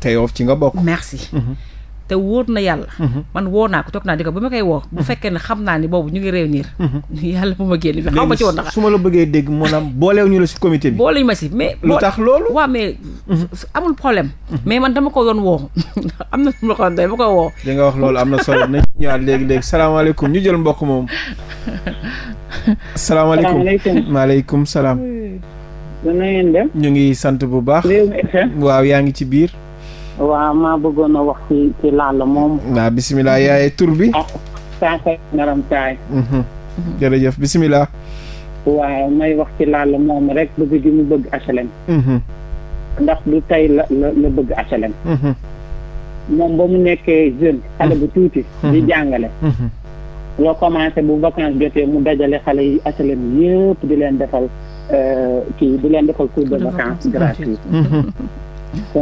te yow ci nga bokk. merci. te wóor na yàlla mm-hmm. man woo naa ko toog naa di ko ba ma koy woo bu mm-hmm. fekkee ne xam naa ni boobu ñu ngi réunir mm-hmm. yàlla bu ma génn fi xaw ma ci woon ndax su ma la bëggee dégg maanaam booleew ñu la si comité bi booleew ñu ma loolu waaw amul problème mais man dama ko woo am na lu ma ko doon woo di nga wax loolu am na solo nañ ñëwaat léegi-léegi salaamaaleykum ñu jël mbokk moom salaamaaleykum maaleykum ngi sant bu baax waaw yaa ngi ci biir waaw maa bëggoon a wax ci ci Lalla moom. waaw bisimilah yaay tur bi. Ah, Sankhare Naram Taay. Mhm. jërëjëf bisimilah. waaw may wax ci la moom rek bëgg gi mu bëgg HLM. Mhm. ndax du tey la la la bëgg HLM. Mhm. moom ba mu nekkee jeune. xale bu tuuti. di jàngale. loo commencé bu vacance jotee mu dajale xale yi HLM yëpp di leen defal euh, kii di leen defal gratuit.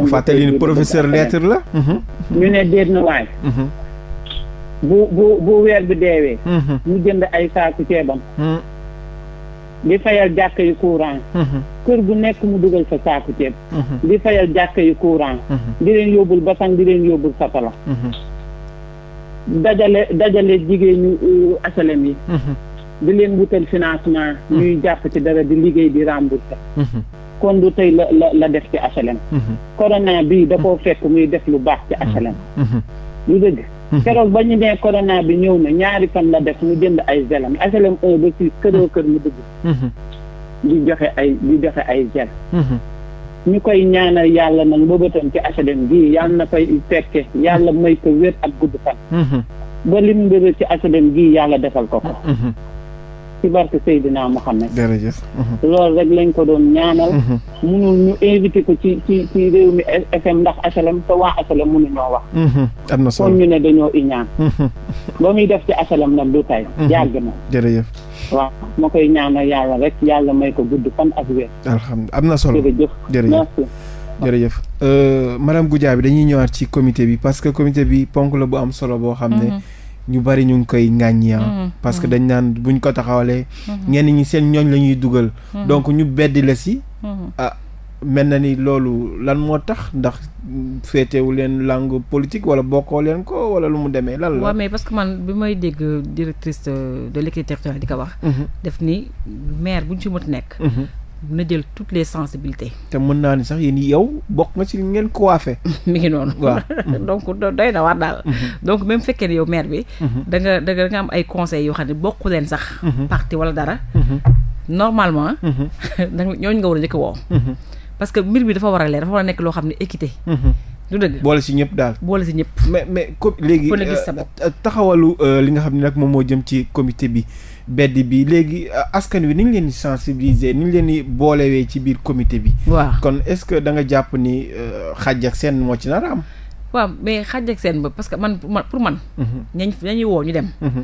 fàttali ni professeur lettre la mm-hmm. mm-hmm. mm-hmm. ñu ne déet na waay bu bu bu weer bi deewee mu jënd ay saaku ceebam di fayal jàkk yu courant kër gu nekk mu dugal sa saaku ceeb di fayal jàkk yu courant di leen yóbbul basang di leen yóbbul satala dajale dajale jigéen uh, asalem yi di leen wutal financement ñuy jàpp ci dara di liggéey di remboursé kon du tey la la def ci HLM. Mhm. corona bii da koo mhm. fekk muy def lu baax ci HLM. Mhm. lu dëgg. keroog ba ñu nee corona bi ñëw na ñaari fan la def mu jënd ay gelam HLM 1 ba ci këroo kër mu dugg. di joxe ay di joxe ay gel. ñu koy ñaanal yàlla nag mbëbëtam ci HLM bii yàlla na koy fekke yàlla may ko wér ak gudd fan. ba lim mbir ci HLM bii yàlla defal ko ko. ci barke Seydina Mouhamed. jërëjëf. Mhm. loolu rek lañ ko doon ñaanal. Mhm. munul ñu invité ko ci ci ci réew mi FM ndax HLM te waa HLM munuñoo wax. Mhm. am na solo kon ñu ne dañoo iñaan. ba muy def ci HLM nag du tay yàgg na. jërëjëf. waaw ma koy ñaanal yàlla rek yàlla may ko gudd fan ak wér. alhamdulilah am na solo jërëjëf merci. jërëjëf euh, madame dañuy ñëwaat ci comité bi parce que comité bi ponk la bu am solo boo xam ne. ñu bari ñu ngi koy ŋàññi ah. mm-hmm. parce que dañ naan buñ ko taxawalee. Mm-hmm. ñenn ñi seen ñooñ la ñuy dugal. Mm-hmm. donc ñu beddi la si. ah mel na ni loolu lan moo tax ndax féetewu leen langue politique wala bokkoo leen ko wala lu mu demee lan la. waaw mais parce que man bi may dégg directrice de l'équité territoriale di ko wax. def ni maire buñ ci mën nekk. na jël toutes les sensibilités. te mën naa ni sax yéen yow bokk nga ci li ngeen coiffé. mi ngi noonu. waaw donc doy na war daal. Mhm. donc même fekkee ne yow maire bi. Mhm. da nga da nga am ay conseils yoo xam ne bokku leen sax. Mhm. parti wala dara. normalement. da nga ñooñu nga war a njëkk woo. parce que mbir bi dafa war a leer dafa war a nekk loo xam ne équité. du dëgg boole si ñëpp daal boole si ñëpp. mais mais léegi euh, taxawalu euh, li nga xam ne nag moom moo jëm ci comité bedd bi léegi euh, askan wi ni ñu leen di sensibiliser ni ñu leen di boolewee ci biir comité bi. waaw kon est-ce que danga nga jàpp ni euh, xaj ak seen moo ci nar am. waaw mais xàjj ak seen parce que man pour man. Mhm. ñañ ñañu woo ñu dem. Mhm.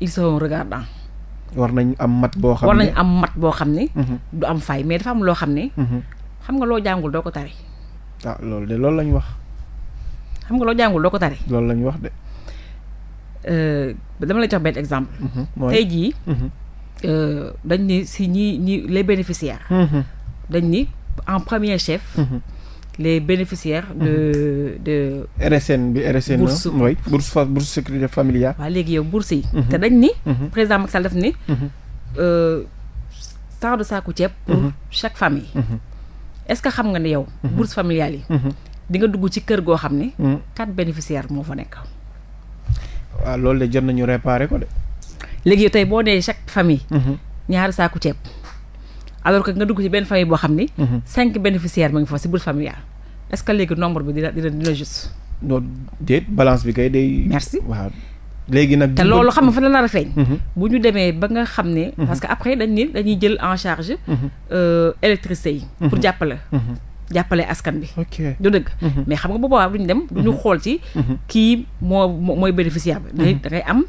ils sont regardants. war nañ am mat boo xam ne war nañ am mat boo xam ne. Mhm. du am fay mais dafa am loo xam ne. xam nga loo jàngul doo ko tari. ah loolu de loolu lañ wax. xam nga loo jàngul doo ko tari. loolu lañ wax de. Euh, dama la jox benn exemple. Mhm, tey jii. Mhm. Euh, dañ ni si ñi ñi les bénéficiaires. Mhm. dañ ni en premier chef. les bénéficiaires de de. RSN bi RSN. bourse mooy bourse bourse léegi yow bourse yi. te dañ ni. président Macky Sall daf ni. Euh, tant de saaku ceeb. pour chaque famille. est ce que xam nga ne yow. bourse familiale yi. di dugg ci kër goo xam ne. quatre bénéficiaires moo fa nekk. waaw ah, loolu de jot nañu réparer ko de. léegi tey boo nee chaque famille. Mhm. ñaari saaku ceeb. alors que nga dugg ci benn famille boo xam ni. Mhm. cinq bénéficiaires ma ngi fa si bourse familiale est-ce que léegi nombre bi dina dina juste. non déet balance bi kay day. merci waaw léegi nag. te loolu xam nga fa la nar a feeñ. Mhm. bu ñu demee ba nga xam ne. parce que après dañ dañuy jël en charge. Euh, électricité yi. pour jàppale. jàppale askan bi. du dëgg. Mhm. mais xam nga bu boobaa duñ dem. duñu mhm. xool ci. Mhm. kii moo mooy bénéficiaire bi. da ngay da ngay am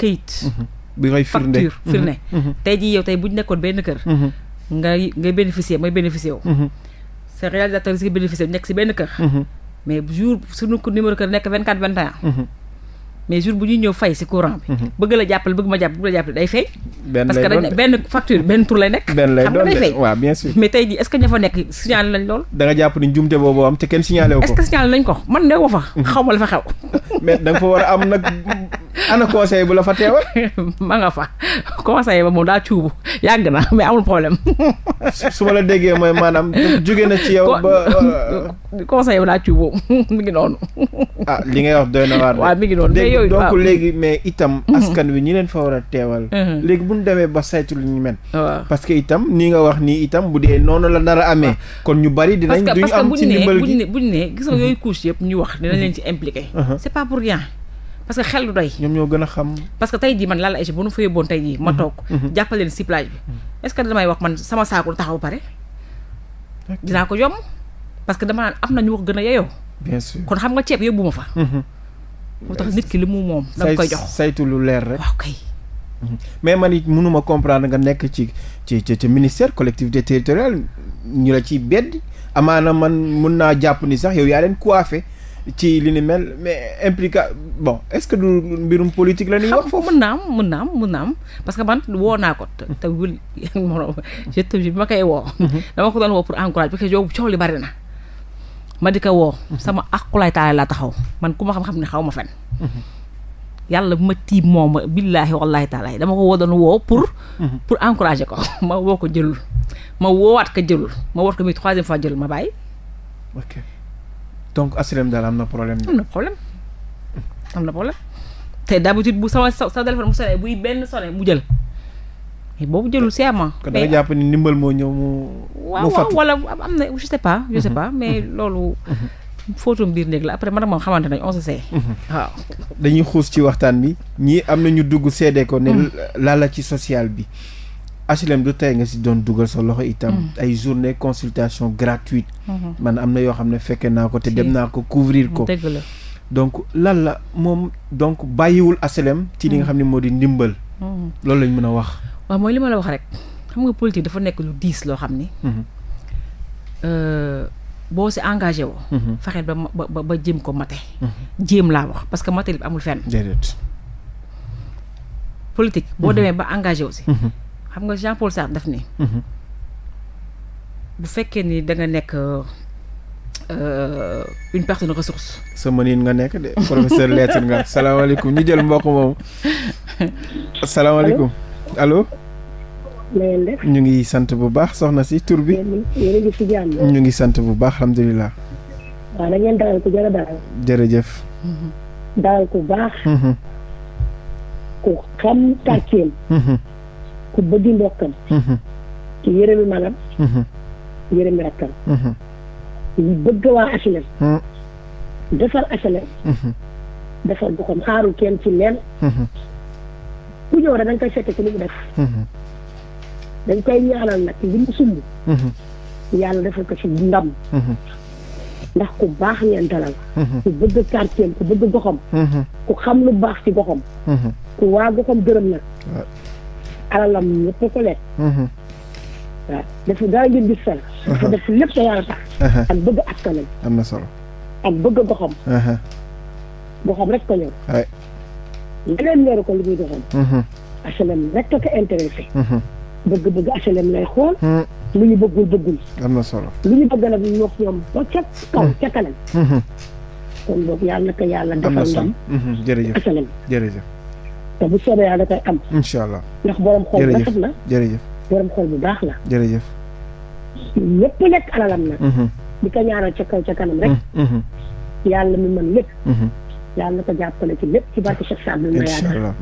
kayit. bi ngay firnde facture firnde. tey jii yow tey bu nekkoon benn kër. ngay ngay bénéficier mooy bénéficier wu. sa réalisateur bi si bénéficier nekk si benn kër. mais jour suñu numéro kër nekk vingt quatre mais jour bu ñuy ñëw fay si courant bi. Mhm. bëgg la jàppale bëgg ma jàppale bëgg la jàppale day fay. parce que dañ benn facture benn tur lay nekk. benn lay doon de waaw bien sûr. mais tey jii est ce que ña nekk signalé lañ lool. da jàpp ni jumte boobu am te kenn signalé ko. est ce que signalé lañ ko man de woo fa. Mhm. xaw ma la fa xew. mais da nga fa war a am nag ana conseil bu la fa teewal. ma nga fa conseil ba moom daa cuubu yàgg na mais amul problème. su ma la déggee mooy maanaam jóge na ci yow. ba euh, conseil ba daa cuubu mi ngi noonu. ah li ngay wax doy na waar. waaw mi ngi noonu mais yooyu donc léegi mais itam. Mhm. askan wi ñi leen fa war a teewal. Mhm. léegi bu ñu demee ba saytu lu ñu mel. parce que itam nii nga wax nii itam bu dee noonu la nar a amee. kon ñu bari dinañ. duñu am ci ndimbal gi parce que bu ñu nee gis nga wax dinañ leen mhm. ci impliqué. c'est pas pour rien. parce que xel du doy. ñoom ñoo gën a xam. parce que tey jii man Lalla Aïcha bu ma mm-hmm. toog mm-hmm. jàppale leen si plage bi. Mm-hmm. damay wax man sama saako taxaw pare. dinaa ko yomb parce que dama am na wax gën a yeyoo. bien kon xam nga ceeb yóbbu ma fa. moo tax nit ki li mu moom. da koy jox saytu lu leer rek waaw mais man it mënuma comprendre nga nekk ci ci ci ministère collectivité territoriale ñu la ci beddi amaana man mun naa jàpp ni sax yow yaa leen coiffé. ci li ni mel mais implica bon est-ce que du mbirum politique la ñuy wax foofu mën naa am mën naa am mën naa am parce que man woo naa ko te wul morom jete bi ma koy woo mhm. dama ko doon woo pour encourager parce que yow coow li bari na ma di ko woo mhm. sama aqulaay taala laa taxaw man ku ma xam-xam ne xaw ma fen mhm. yàlla bu ma tiim moom billaahi wallaahi taala dama ko woo doon woo pour pour encourager ko ma woo ko jëlul ma woowaat ko jëlul ma woowaat ko mi troisième fois jëlul ma bàyyi donc assurem daal am na problème. am na problème am na problème te d'habitude bu sama sa sa mu sonné buy benn sonné mu jël. boobu jëlul serment. kon da nga jàpp ni ndimbal moo ñëw mu. mu fàtt waaw wala am na je sais pas. je mhm. pas mais mhm. loolu. footum mhm. biir néeg la après man ak moom xamante nañ on se sait. dañuy xuus ci waxtaan bi ñii am na ñu dugg seede ko ne. laala ci social bi. HLM du tey nga si doon dugal sa loxo itam. Mm. ay journée consultation gratuite. Mm-hmm. man am na yoo xam ne fekke naa ko te dem naa ko couvrir ko. donc lan la moom donc bàyyiwul HLM. ci li nga mm. xam ne moo di ndimbal. Mm-hmm. loolu lañ mën a wax. waaw mooy li ma la wax rek xam nga politique dafa nekk lu diis loo xam ni. Mm-hmm. Euh, boo si engagé woo. fexeel ba ba ba jéem ko mate. jéem laa wax parce que mate bi amul fenn. déedéet. boo demee ba engagé wu xam nga Jean Paul Sartre daf ni mhm. bu fekkee nii da nekk euh, une personne ressource. sama niin nga nekk de professeur lettre nga salaamaaleykum ñu jël mbokk moom salaamaaleykum allo. ñu ngi sant bu baax soxna si tur bi. ñu ngi sant bu baax alhamdulilah. waaw a dalal. jërëjëf. dalal ku ku bëgg mbokkam mhm. ci yërëmi magam mhm. yërëmi rakkam mhm. bëgg waa HLM defar HLM defar boppam xaarul kenn ci leen ku ñëw rek dañ koy fekk ci li mu def dañ koy ñaanal nag li mu sumb yàlla defal ko ci ndam ndax ku baax ngeen dalal ku bëgg quartier ku bëgg goxam ku xam lu baax ci goxam ku waa goxam gërëm nag alalam ñëpp ko lekk. Mhm. waaw dafa dara ngeen di sell. dafa mhm. def lépp da yàlla tax. Mhm. ak bëgg askanam. am na solo. ak bëgg goxam. goxam rek ko ñëw. waay leneen leeru ko lu muy goxam. HLM rek ko ko intéressé. bëgg-bëgg HLM lay xool. lu ñu bëggul bëggul. am na solo lu ñu bëgg nag ñu wax ñoom ba ca kaw ca kanam. kon boog yàlla na ko yàlla defal ndam. am na solo jërëjëf HLM jërëjëf. te bu soobee yàlla da koy am. incha allah ndax borom xol bu la jërëjëf borom xol bu baax la. jërëjëf. lépp lekk alalam nag. Mhm. di ko ñaanal ca kaw ca kanam rek. Mhm, mhm. yàlla mi mën lépp. yàlla na ko jàppale ci lépp ci barke Cheikh Sadou Ndiaye. incha allah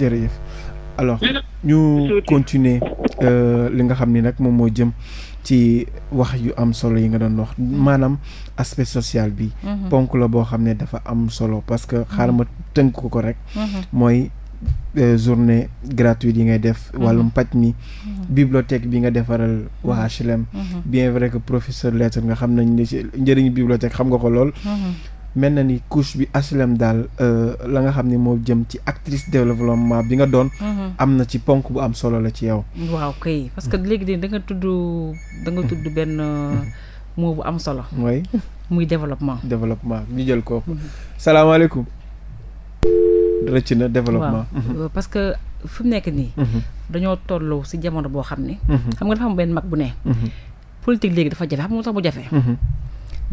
jërëjëf alors ñu continuer euh, li nga xam ni nag moom moo jëm. ci wax yu am solo yi nga doon wax mm-hmm. maanaam aspect social bi mm-hmm. ponk la boo xam ne dafa am solo parce que xaar ma mm-hmm. tënk ko ko rek mooy euh, journée gratuite yi ngay def wàllum paj mi bibliothèque bi nga defaral waa HLM bien vrai que professeur lettre nga xam nañ ne ci njëriñu bibliothèque xam nga ko lool mel na ni couche bi HLM daal euh, la nga xam ni moo jëm ci actrice développement bi nga doon. Mhm. am na ci ponk bu am solo la ci yow. waaw kay parce que léegi de da nga tudd da nga tudd benn mhm. euh, moo bu am solo. mooy muy développement. développement ñu jël ko. Mhm. salaamaaleykum. rëcc na développement. waaw euh, parce que fi mu nekk nii. dañoo toll si jamono boo xam ne. xam nga dafa am benn mag bu ne. politique léegi dafa jafe xam nga tax mu jafe.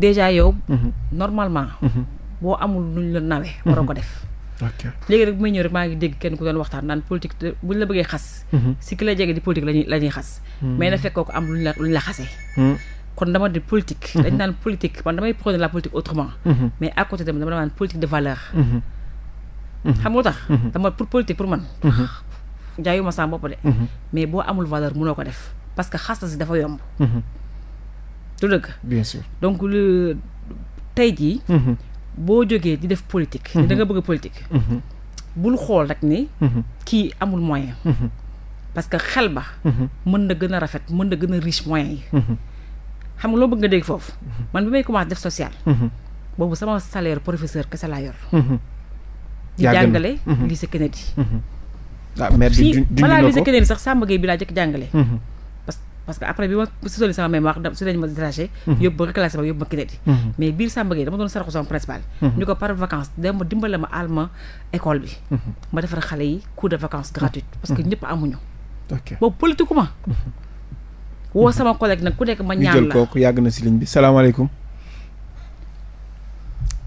déjà yow. Mhm. normalement. Mhm. boo amul luñ la nawee. waroo ko mhm. def. léegi rek bu may ñëw rek maa ngi dégg kenn ku doon waxtaan naan politique buñ la bëggee xas. si ki la jege di politique lañuy la ñuy xas. mais na fekkoo ko am luñ la luñ la xasee. kon dama di politique. dañ naan politique man damay prôner la politique autrement. naan politique de valeur. xam tax. dama pour politique pour man. jaayuma saa bopp de. mais boo amul valeur mënoo ko def parce que xas la si dafa yomb. du dëgg bien donc tey jii. Mhm. boo jógee di def politique. Mhm. da nga bëgg politique. Mhm. bul xool rek ni. kii amul moyen. parce que xel ba. mën na gën a rafet mën na gën a riche moyen yi. xam nga loo bëgg nga dégg foofu. man bi may commencé def social. boobu sama salaire professeur kese laa yor. di jàngale lycée Kennedy. ah mais du du balaa lycée Kennedy sax Samba bi laa jëkk jàngale. parce que après bi ma si soli sama mémoire da si lañ ma détaché yóbbu ba reclassé ma yóbbu ma crédit mhm. mais biir Samba Gueye dama doon saraxu sama principal ñu mhm. ko par vacances dama dimbale ma alma école bi mhm. ma defar xale yi cours de vacances gratuite parce que ñëpp amuñu boobu politiquement woo sama collègue nag ku nekk ma ñaan la ñu jël kooku yàgg na si ligne bi salaamaaleykum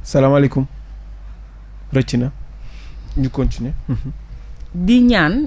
salaamaaleykum rëcc na ñu continuer di ñaan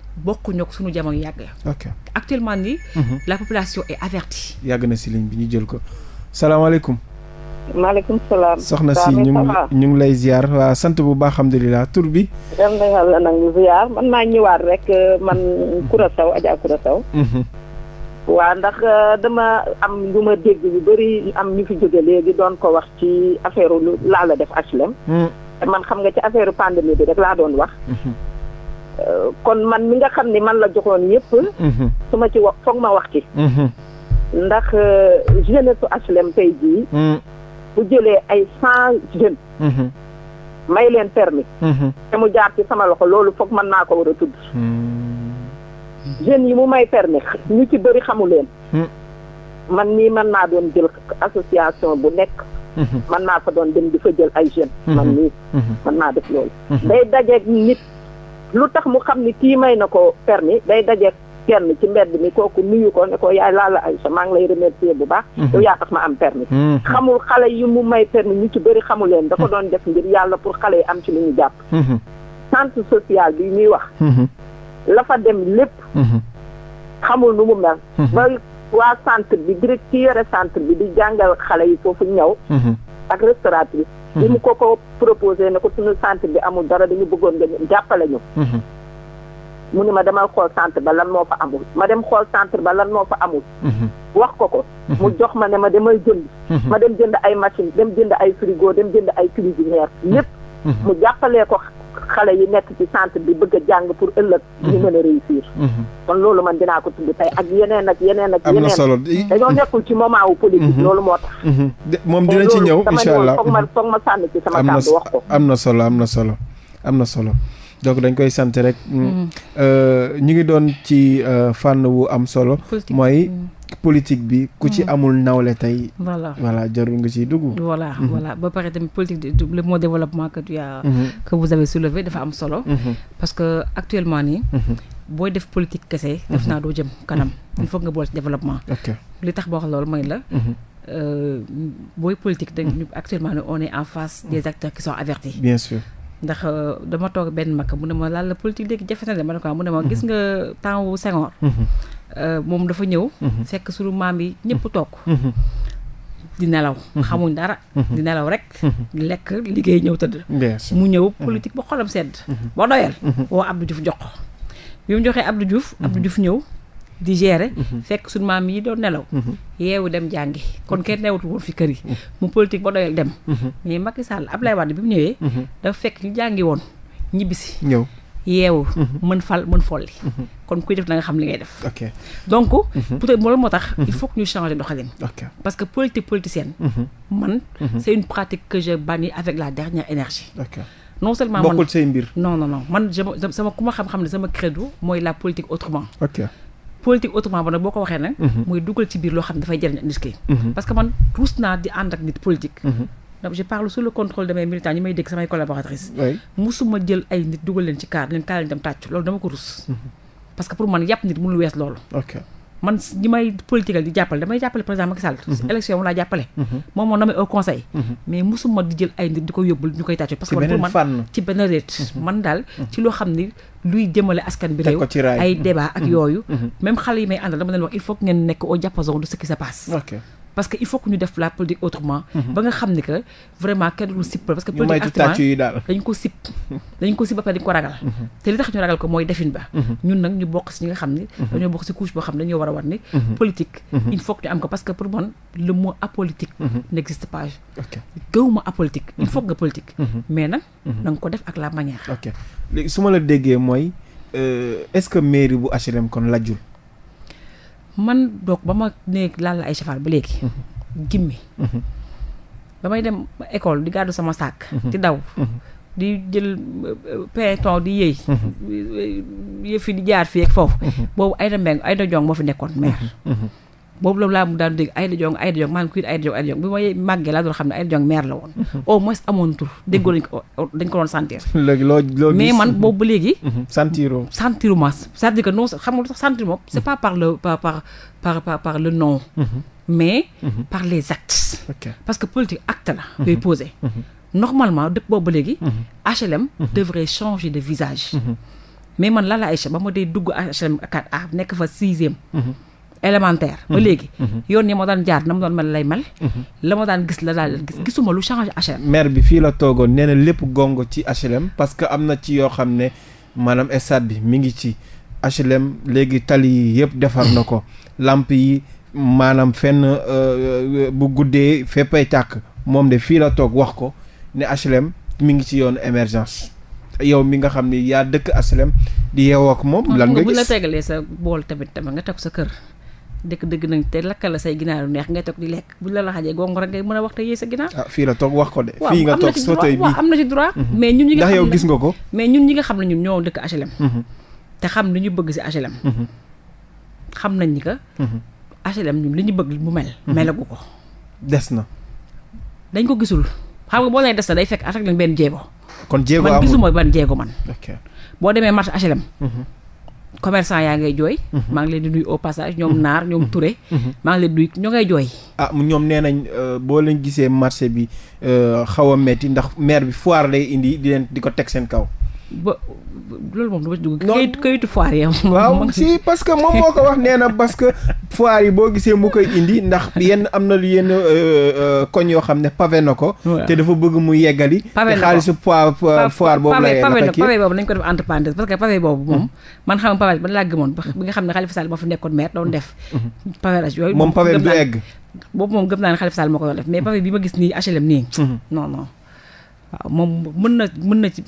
bokkuñu ak suñu jamono yàgg la. ok actuellement nii. Mhm. la population est avertie. yàgg na si bi ñu jël ko salaamaaleykum. maaleykum salaam. soxna si ñu ngi ñu ngi lay ziar waa sant bu baax alhamdulilah tur bi. dem yàlla nag ziar man maa ñëwaat rek euh, man mhm. Koura Sow Adja Koura Sow. Mhm. waa ndax euh, dama am lu ma dégg am ñu fi jóge léegi doon ko wax ci affaire lu laa la xam nga ci affaire pandémie bi rek laa doon wax. kon man mi nga xam ni man la joxoon yëpp. Mhm. su ma ci wax foog ma wax ci. Mhm. ndax euh, jeunesse HLM tey jii. Mm. bu jëlee ay san jeunes. Mhm. may leen permis te mu jaar ci sama loxo loolu foog mën naa ko war a tudd. Mm. jeunes yi mu may permis ñu ci bëri xamu leen. Mm. man nii mën naa doon jël association bu nekk. mën naa fa doon dem di fa jël ay jeunes. man nii mën naa def loolu. day dajeeg nit. lu tax mu xam ni kii may na ko permis day daje kenn ci mbedd mi kooku nuyu ko ne ko yaay laa la Aïcha maa ngi lay remercier bu baax mhm. yow yaa tax ma am permis mhm. xamul xale yi mu may permis ñu ci bëri xamul leen da ko mhm. doon def ngir yàlla pour xale yi am ci lu ñu jàpp centre social bi ñuy wax la fa dem lépp xamul nu mu mel ba waa centre bi direct ci yore centre bi di jàngal xale yi foofu ñëw ak restauratrice bi mu ko ko proposer ne ko suñu centre bi amul dara dañu bëggoon nga jàppale ñu. Mhm. mu ni ma demal xool centre ba lan moo fa amul ma dem xool centre ba lan moo fa amul. Mhm. wax ko ko. Mhm. mu jox ma ne ma demal jënd. ma dem jënd ay machine dem jënd ay frigo dem jënd ay cuisinière lépp. mu jàppalee ko xale yi nekk ci centre bi bëgg a jàng pour ëllëg ñu mhm. mën a réussir mhm. kon loolu man dinaa ko tudd tey ak yeneen ak yeneen ak yeneen am na solo dañoo nekkul ci moment wu politique mhm. loolu moo tax moom dina ci ñëw incha allah foog ma foog ma sànni ci sama kàddu wax ko am na solo am na solo am na solo donc dañ koy sant rek. Mm. Mm. Euh, ñu ngi doon ci euh, fànn wu am solo. mooy mm. politique bi ku ci amul nawle tey. voilà voilà jarul nga ciy dugg. voilà mm-hmm. voilà ba pare tamit politique le mot développement que tu as. Mm-hmm. que vous avez soulevé dafa am solo. Mm-hmm. parce que actuellement nii. booy def politique kese. def naa doo jëm kanam. il faut nga boole ci développement. li tax boo wax loolu mooy la. Euh, booy politique dañ actuellement nii on est en face des acteurs qui sont avertis. ndax euh, dama toog benn makka mu ne ma lan la politique léegi jafe na de ma ne ko ah, mu ne ma gis mhm. nga temps wu Senghor mhm. euh, moom dafa ñëw mhm. fekk suñu maam yi ñëpp toog di nelaw xamuñ dara di nelaw rek lekk liggéey ñëw tëdd mu ñëw politique ba xolam sedd ba doyal woo Abdou Diouf jox bi mu joxee Abdou Diouf Abdou Diouf ñëw di gérer. Mhm. fekk suñu maam yi doon nelaw. Mhm. yeewu dem jàngi kon kenn newatu woon fi kër yi. Mhm. mu politique ba doyal dem. mais Macky Sall Abdoulaye Wade bi mu ñëwee. dafa fekk ñu jàngi woon ñibbisi. ñëw yeewu. mën fal mën folli. kon kuy def na nga xam li ngay def. ok donc. peut-être loolu moo tax. il faut ñu changer doxalin. parce que politique politicienne. man c'est une pratique que je bannis avec la dernière énergie. non seulement man man ku ma xam-xam ne sama credo mooy la politique politique autrement ba nag boo ko waxee nag mhm. mooy dugal ci biir loo xam ne dafay jëriñ nit ki mhm. parce man ruus naa di ànd ak nit politique mhm. donc je parle sous le contrôle de mes militants ñi may dégg samay collaboratrices musuma jël ay nit dugal leen ci kaar leen kaar leen dem tàcc loolu dama ko ruus parce pour man yàpp nit mënul wees loolu man ñi may politique di jàppale damay jàppale président Macky Sall. Mhm. élection moom laa jàppale. Mhm. moom moo namay au conseil. Mhm. mais musuma di jël ay nit di ko yóbbul ñu koy tàccu. parce que man ci benn réet man daal ci loo xam ni luy jëmale askan bi réew. ay débat ak yooyu. même xale yi may àndal dama leen wax il faut ngeen nekk au diapason de ce qui se passe. parce que il faut que ñu def la politique autrement. Mhm. ba nga xam ni que vraiment kenn duñu sipp parce que politique actuellement dañ ko sipp dañ ko sipp ba dañ ko ragal. Mhm. te li tax ñu ragal ko mooy defin ba. Mhm. ñun nag ñu bokk si ñi nga xam ni. dañoo bokk si couche boo xam ne dañoo war a war ni. politique il faut que ñu am ko parce que pour man le mot apolitique. n'existe pas. ok gëwuma il faut nga politique. mais nag na ko def ak la manière. su ma la déggee mooy euh, est-ce que mairie bu HLM kon man doog ba ma néeg laal la ay cheval ba léegi mhm. gimmi mhm. ba may dem école di gàddu sama sac mhm. di daw di jël euh, peton di yëy yëf fi di jaar fii ak foofu boobu Aïda Mbeng Aïda Jong moo fi nekkoon maire boobu loolu laa mu daan dégg Aïda Diong Aïda Diong maan kuy Aïda Diong Aïda Diong bi mooy màggee laa doon xam ne Aïda Diong maire la woon mhm. au moins amoon tur déggoo lañ ko dañ ko doon sentir léegi loo loo mais man boobu ba léegi mhm. sentiro sentiro ma c'est-à-dire que non xam nga lu tax sentir moom c'est mhm. pas par le par par par par, par le nom mais par les actes okay. parce que politique acte la yooyu posé normalement dëkk boobu ba léegi HLM devrait changer de visage mais man la la Aïcha ba ma dee dugg HLM 4A nekk fa sixième élémentaire ba mhm. léegi mhm. yoon yi ma daan jaar na doon mel lay mel mhm. la ma daan gis la daal gis gisuma lu change HLM maire bi fii la toogoon nee na lépp gongo ci HLM parce que am na ci yoo xam ne maanaam stade bi mi ngi ci HLM léegi tali yi yëpp defar na ko làmp yi maanaam fenn euh, euh, bu guddee féppay tàkk moom de fii la toog wax ko ne HLM mi ngi ci yoonu émergence yow mi nga xam ne yaa dëkk HLM di yeewoo ak moom lan nga gis bu sa bool tamit tamit nga teg sa kër dëkk dëgg nañ te lakkal la say ginaaru neex ngay toog di lekk bu la la xajee gongoro ngay mën a wax te yee sa ginaar ah fii la toog wax ko de fii nga toog sotey bi waaw am na ci droit mhm. mais ñun ñi nga ndax yow gis nga ko mais ñun ñi nga xam ne ñun ñoo dëkk HLM mhm. te xam li ñu bëgg si HLM mhm. xam nañ ni que HLM H&M ñun li ñu bëgg mu mel melagu ko des na dañ ko gisul xam nga boo lay des na day fekk atak lañ benn jéego kon jéego amul man gisuma ban jéego man boo demee marché HLM commerçant yaa ngay jooy. Mhm. maa ngi leen di nuyu au passage ñoom mhm. Naar ñoom mhm. Touré. maa ngi leen di nuyu ñoo ngay jooy. ah ñoom nee nañ euh, boo leen gisee marché bi euh, xaw a metti ndax maire bi foire lay indi di leen di ko teg seen kaw. ba loolu moom dama ci dugg. kayitu kayitu foire yi waaw si parce que moom moo ko wax nee na parce que foire yi boo gisee mu koy indi ndax yenn am na lu yenn euh, euh, koñ yoo xam ne pavé na ko. te dafa bëgg mu yeggali. pavé na ko te xaalisu foire euh, boobu la pavé boobu moom. Mm-hmm. man xam nga pavé ban laa gëmoon bi nga xam ne Khalifa Sall moo fi nekkoon maire doon def. Mm-hmm. pavé yooyu moom pavé naa ne Khalifa Sall moo bi ma gis nii HLM nii. Mm-hmm. non non. waaw moom mën na mën na ci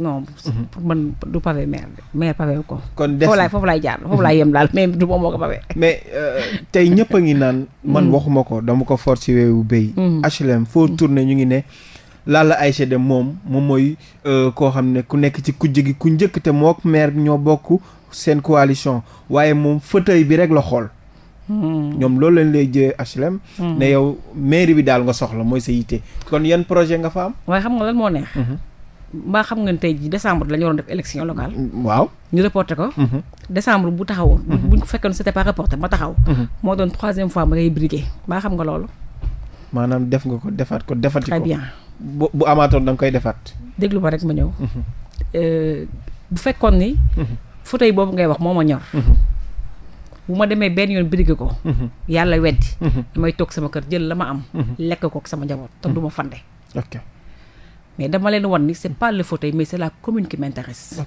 non mhm. pour man du pavé maire maire pavé ko. kon des foofu laay foofu laay jaar foofu laay yem daal mais du moom moo ko pavé. mais euh, tey ñëpp a ngi naan. man mhm. waxuma ko dama ko force ci weewu béy. HLM foo mhm. tourné ñu ngi ne. la Aïcha de moom moom mooy euh, koo xam ne ku nekk ci kujje gi ku njëkk te mook maire ñoo bokk seen coalition waaye moom fauteuil bi rek la xool. ñoom loolu lañ lay jëyee HLM. Hmm. ne yow mairie bi daal nga soxla mooy sa yitte kon yan projet nga fa am. waaye xam nga lan moo neex. Mhm. mbaa xam nga tey jii décembre la ñu waroon def élection locale. Hmm, waaw ñu reporté ko. Mhm. décembre bu taxawoon. Mhm. bu ñu fekkoon c'était pas reporté ma moo doon troisième fois ma ngay briguer mbaa xam nga loolu. maanaam def nga ko defaat ko defati ko très bien. bu bu amaatoon da nga koy defaat. ma rek ma ñëw. Euh, bu fekkoon ni. fauteuil boobu ngay wax moo ma ñor. bu ma demee benn yoon brigué ko mhm. yàlla weddi mhm. damay toog sama kër jël la ma am mhm. lekk ko ak sama njaboot te du ma fande ok mais dama leen wan ni c'est pas le fauteuil mais c'est la commune qui m'intéresse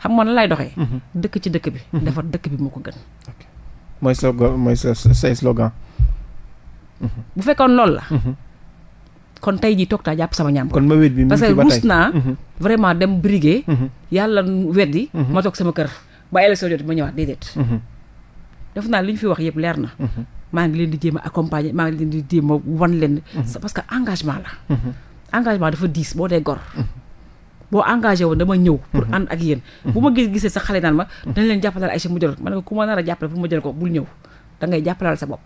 xam nga nan lay doxee dëkk ci dëkk bi defar dëkk bi moo ko gën mooy slogan mooy sa say slogan bu fekkoon loolu la kon tey jii toog taa jàpp sama ñaam kon mawet bi parce que ruus naa vraiment dem briguer yàlla weddi ma toog sama kër ba élection jot ma ñëwaat déedéet def naa li ñu fi wax yëpp leer na. Mhm. maa ngi leen di jéem a accompagner maa ngi leen di jéem a wan leen. Mhm. parce que engagement la. Mhm. engagement dafa diis boo dee gor. boo engagé woon dama ñëw. pour ànd ak yéen. bu ma gisee sa xale naan ma. dañ leen jàppalal Aïcha mu ku ma nar jàppale pour ma jël ko ngay jàppalal sa bopp.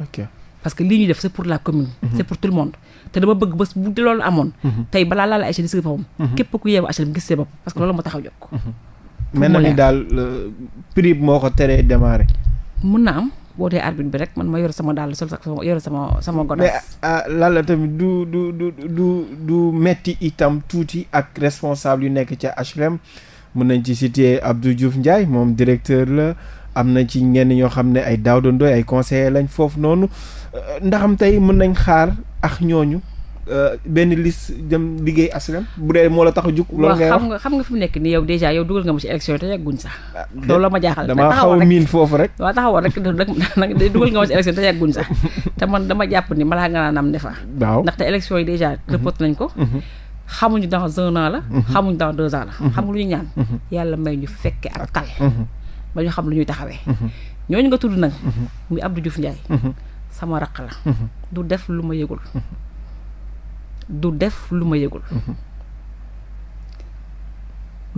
ok parce que lii ñuy def c'est pour la commune. c'est pour tout le monde te dama bëgg bés bu loolu amoon. tey balaa laal Aïcha di si boppam. képp ku yeewu Aïcha gis sa bopp parce que loolu moo euh, moo ko teree démarrer mën na am boo dee arbitre bi rek man ma yore sama dàll sol yore sama sama godaas mais euh, lan tamit du du du du du metti itam tuuti ak responsable yu nekk ca HLM mën nañ ci citer abdu Diouf Ndiaye moom directeur la am na ci ñenn ñoo xam ne ay daaw Ndoye ay conseiller lañ foofu noonu euh, ndaxam tey mën nañ xaar ax ñooñu Euh, benn liste jëm liggéey aslam bu dee moo la tax a jug. loolu ngay xam nga xam nga fi mu nekk ni yaw dèjà yow dugal nga ma ci élection yi te yàgguñ sax. Ah, loolu la ma jaaxal damaa xaw a miin foofu rek. waaw taxawoon rek nag dugal nga ma ci te man dama jàpp ni malaa nga naan am ne fa. waaw ndaxte élection yi dèjà. Mhm. report nañ ko. Mhm. xamuñu dans un an la. Mhm. xamuñ dans deux ans la. xam nga lu ñu ñaan. yàlla may ñu fekke ak tal. ba ñu xam lu ñuy taxawee. ñooñu nga tudd nag. muy Abdou Diouf Ndiaye. sama raq la. du def lu ma yëgul. du def lu ma yëgul mhm.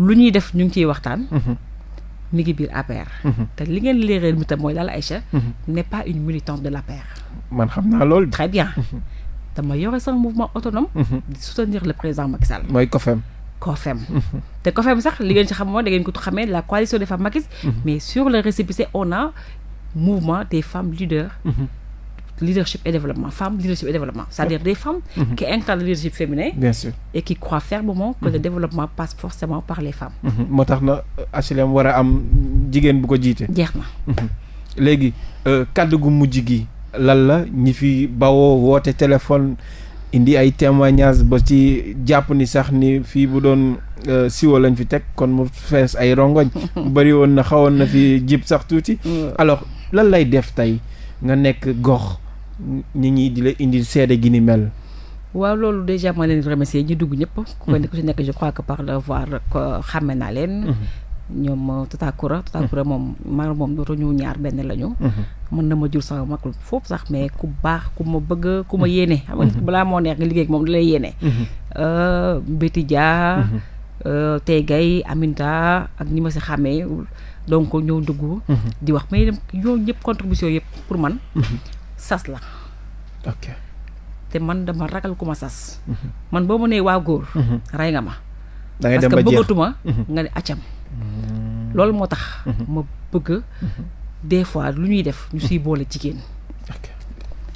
lu ñuy def ñu ngi ciy waxtaan mhm. mi ngi biir APR mhm. te li ngeen léeréer mi tam mooy Lalla Aïcha ne pas une militante de la l'APR man xam naa loolu très bien dama yore sama mouvement autonome di soutenir le président Macky Sall mooy COFEM COFEM te COFEM sax li ngeen ci xam moo da ngeen ko xamee la coalition des femmes Macky mais sur le récépissé on a mouvement des femmes leaders leadership et développement femmes leadership et développement c'est-à-dire des femmes mmh. qui incarnent le leadership féminin bien sûr et qui croient fermement que mmh. le mhm. développement passe forcément par les mhm. moo tax na euh, HLM war a am jigéen bu ko jiite jeex na mhm. léegi euh, kàddu gu mujj gi lan la ñi fi bawoo woote téléphone indi ay témoignages ba ci jàpp ni sax ni fii bu doon euh, siwo lañ fi teg kon mu fees ay rongoñ bari woon na xawoon na fi jib sax tuuti alors lan lay def tey nga nekk gox nit ñi di la indil seede gi mel. waaw loolu déjà ma leen remercier ñi dugg ñëpp. Mm-hmm. ku ko nekk je crois que par le voir xàmme naa leen. Mm-hmm. ñoom ma euh, Tatakura. Tatakura mm-hmm. moom maa moom dootuñu ñaar benn lañu. mën na ma jur sama mag foofu sax mais ku baax ku ma bëgg ku ma yéene. xam nga balaa moo neex nga liggéey ak moom da lay yéene. Euh, Betty Dia. Euh, tey gay Aminta ak ñi ma si xàmmee donc ñëw dugg. di wax mais ñoo ñëpp contribution yëpp pour man. sas la. te man dama ragal ku ma sas. Mhm. man boo ma waa góor. Mhm. rey nga ma. da ngay dem parce que bëggatuma mhm. nga ne acam. Mm. loolu moo tax. ma bëgg des fois lu ñuy def ñu si boole jigéen.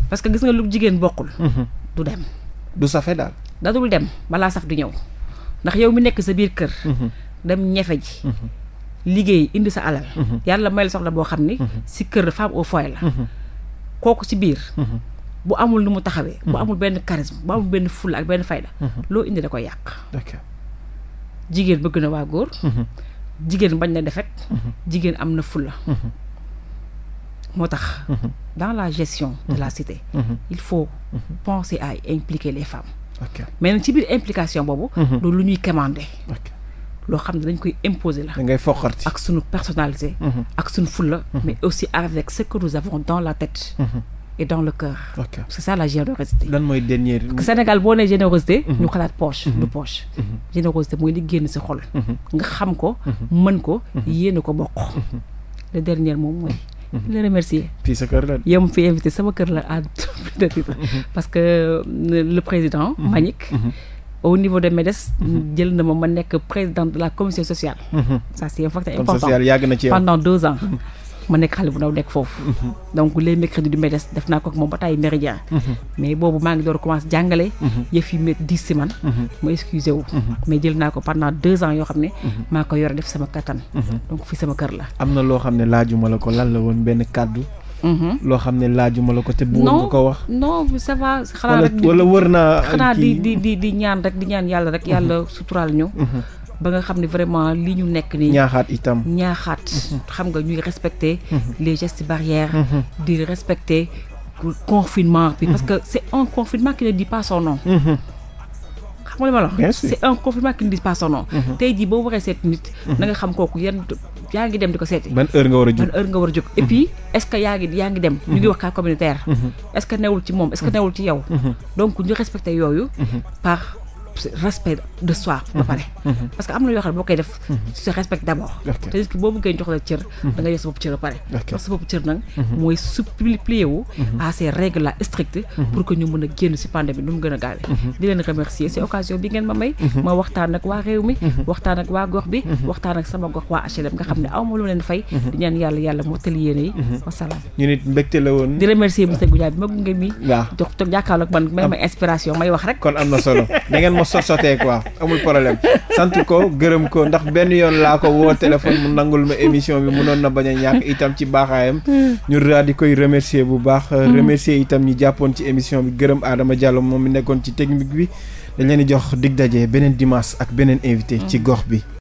parce que gis nga lu jigéen bokkul. du dem. du safe daal. da dem balaa saf du ñëw ndax yow mi nekk sa biir kër. dem ñefe ji. liggéey indi sa alal. yàlla may soxla boo xam ni. si kër femme au foyer la. kooku ci biir. Mhm. bu amul lu mu taxawee. bu mhm. amul benn charisme bu amul benn fulla ak benn fayda. Mhm. loo indi da koy yàq. jigéen bëgg na waa góor. jigéen bañ na defet jigéen am na fulla. moo tax. dans la gestion de la cité. il faut penser à impliquer les fem mais nag ci biir implication boobu. du lu ñuy commander. loo xam ne dañ koy imposer la. da ngay foqarti ak suñu personnalité. Mhm. ak suñu fulla. Mhm. mais aussi avec ce que nous avons dans la tête. Mhm. et dans le cœur. Okay. c'est la générosité. Sénégal boo nee générosité. ñu xalaat poche du poche. générosité mooy li génn ci xol. nga xam ko mën ko yéene ko bokk. le dernier moom mooy. di remercier. fii sa fi invité sama kër la parce que euh, le président. Manick. au niveau de MEDES. Mhm. jël na ma ma nekk présidente de la commission sociale. Mhm. ça c' est un facteur important sociale yàgg na ci yow pendant deux ans. ma nekk xale bu ndaw nekk foofu. Mhm. donc les mercredis du MEDES def naa ko ak moom ba taay mais boobu maa ngi door commencé jàngale. yëf yi métti dix si ma excusé mais jël naa ko pendant deux ans yoo xam ne. maa ko yore def sama kattan. donc fi sama kër la. am na loo xam ne laajuma la ko lan la woon benn kàddu. Mm-hmm. loo xam ne laajuma la ko te bu nga ko wax non ça va xanaa rek wala wër naa xanaa di di di ñaan rek di ñaan yàlla rek yàlla mm-hmm. suturaal ñu mm-hmm. ba nga xam ne vraiment li ñu nekk nii ñaaxaat itam ñaaxaat xam nga ñuy respecter les gestes barrières di respecter confinement bi parce que c'est un confinement qui ne dit pas son xam li ma la c'est un confirmant qui ne dit pas son mm-hmm. jii boo waree seet nit mm-hmm. na xam kooku yaa ngi dem di ko seeti ban heure nga war a jóg ban heure nga war a jóg et mm-hmm. puis est yaa ngi yaa ngi dem ñu ngi wax cas communautaire est newul ci moom est newul ci yow donc ñu respecté yooyu par respect ba mhm. pare mhm. Mhm. parce que am na yoo xam boo koy def se respect d'abord te nit boo bëggee jox la cër da jox sa bopp cër nag mooy supplier wu à ces règles pour que ñu mën a génn si pandémie bi ngeen ma may ma waxtaan ak waa réew mi waxtaan ak waa gox bi waxtaan ak sama gox waa HLM nga xam ne aw ma lu leen fay di ñaan yàlla yàlla mottali yéene yi wasalaam ñu may inspiration may wax rek kon am na solo ma sosotee quoi amul problème sant ko gërëm ko ndax benn yoon laa ko woo téléphone mu nangul ma émission bi mënoon na bañ a ñàkk itam ci baaxaayam hmm. ñu daal di koy remercier bu baax hmm. remercier itam ñi jàppoon ci émission bi gërëm Adama Diallo moom mi nekkoon ci technique bi dañ leen di jox dig daje beneen dimaas ak beneen invité hmm. ci gox bi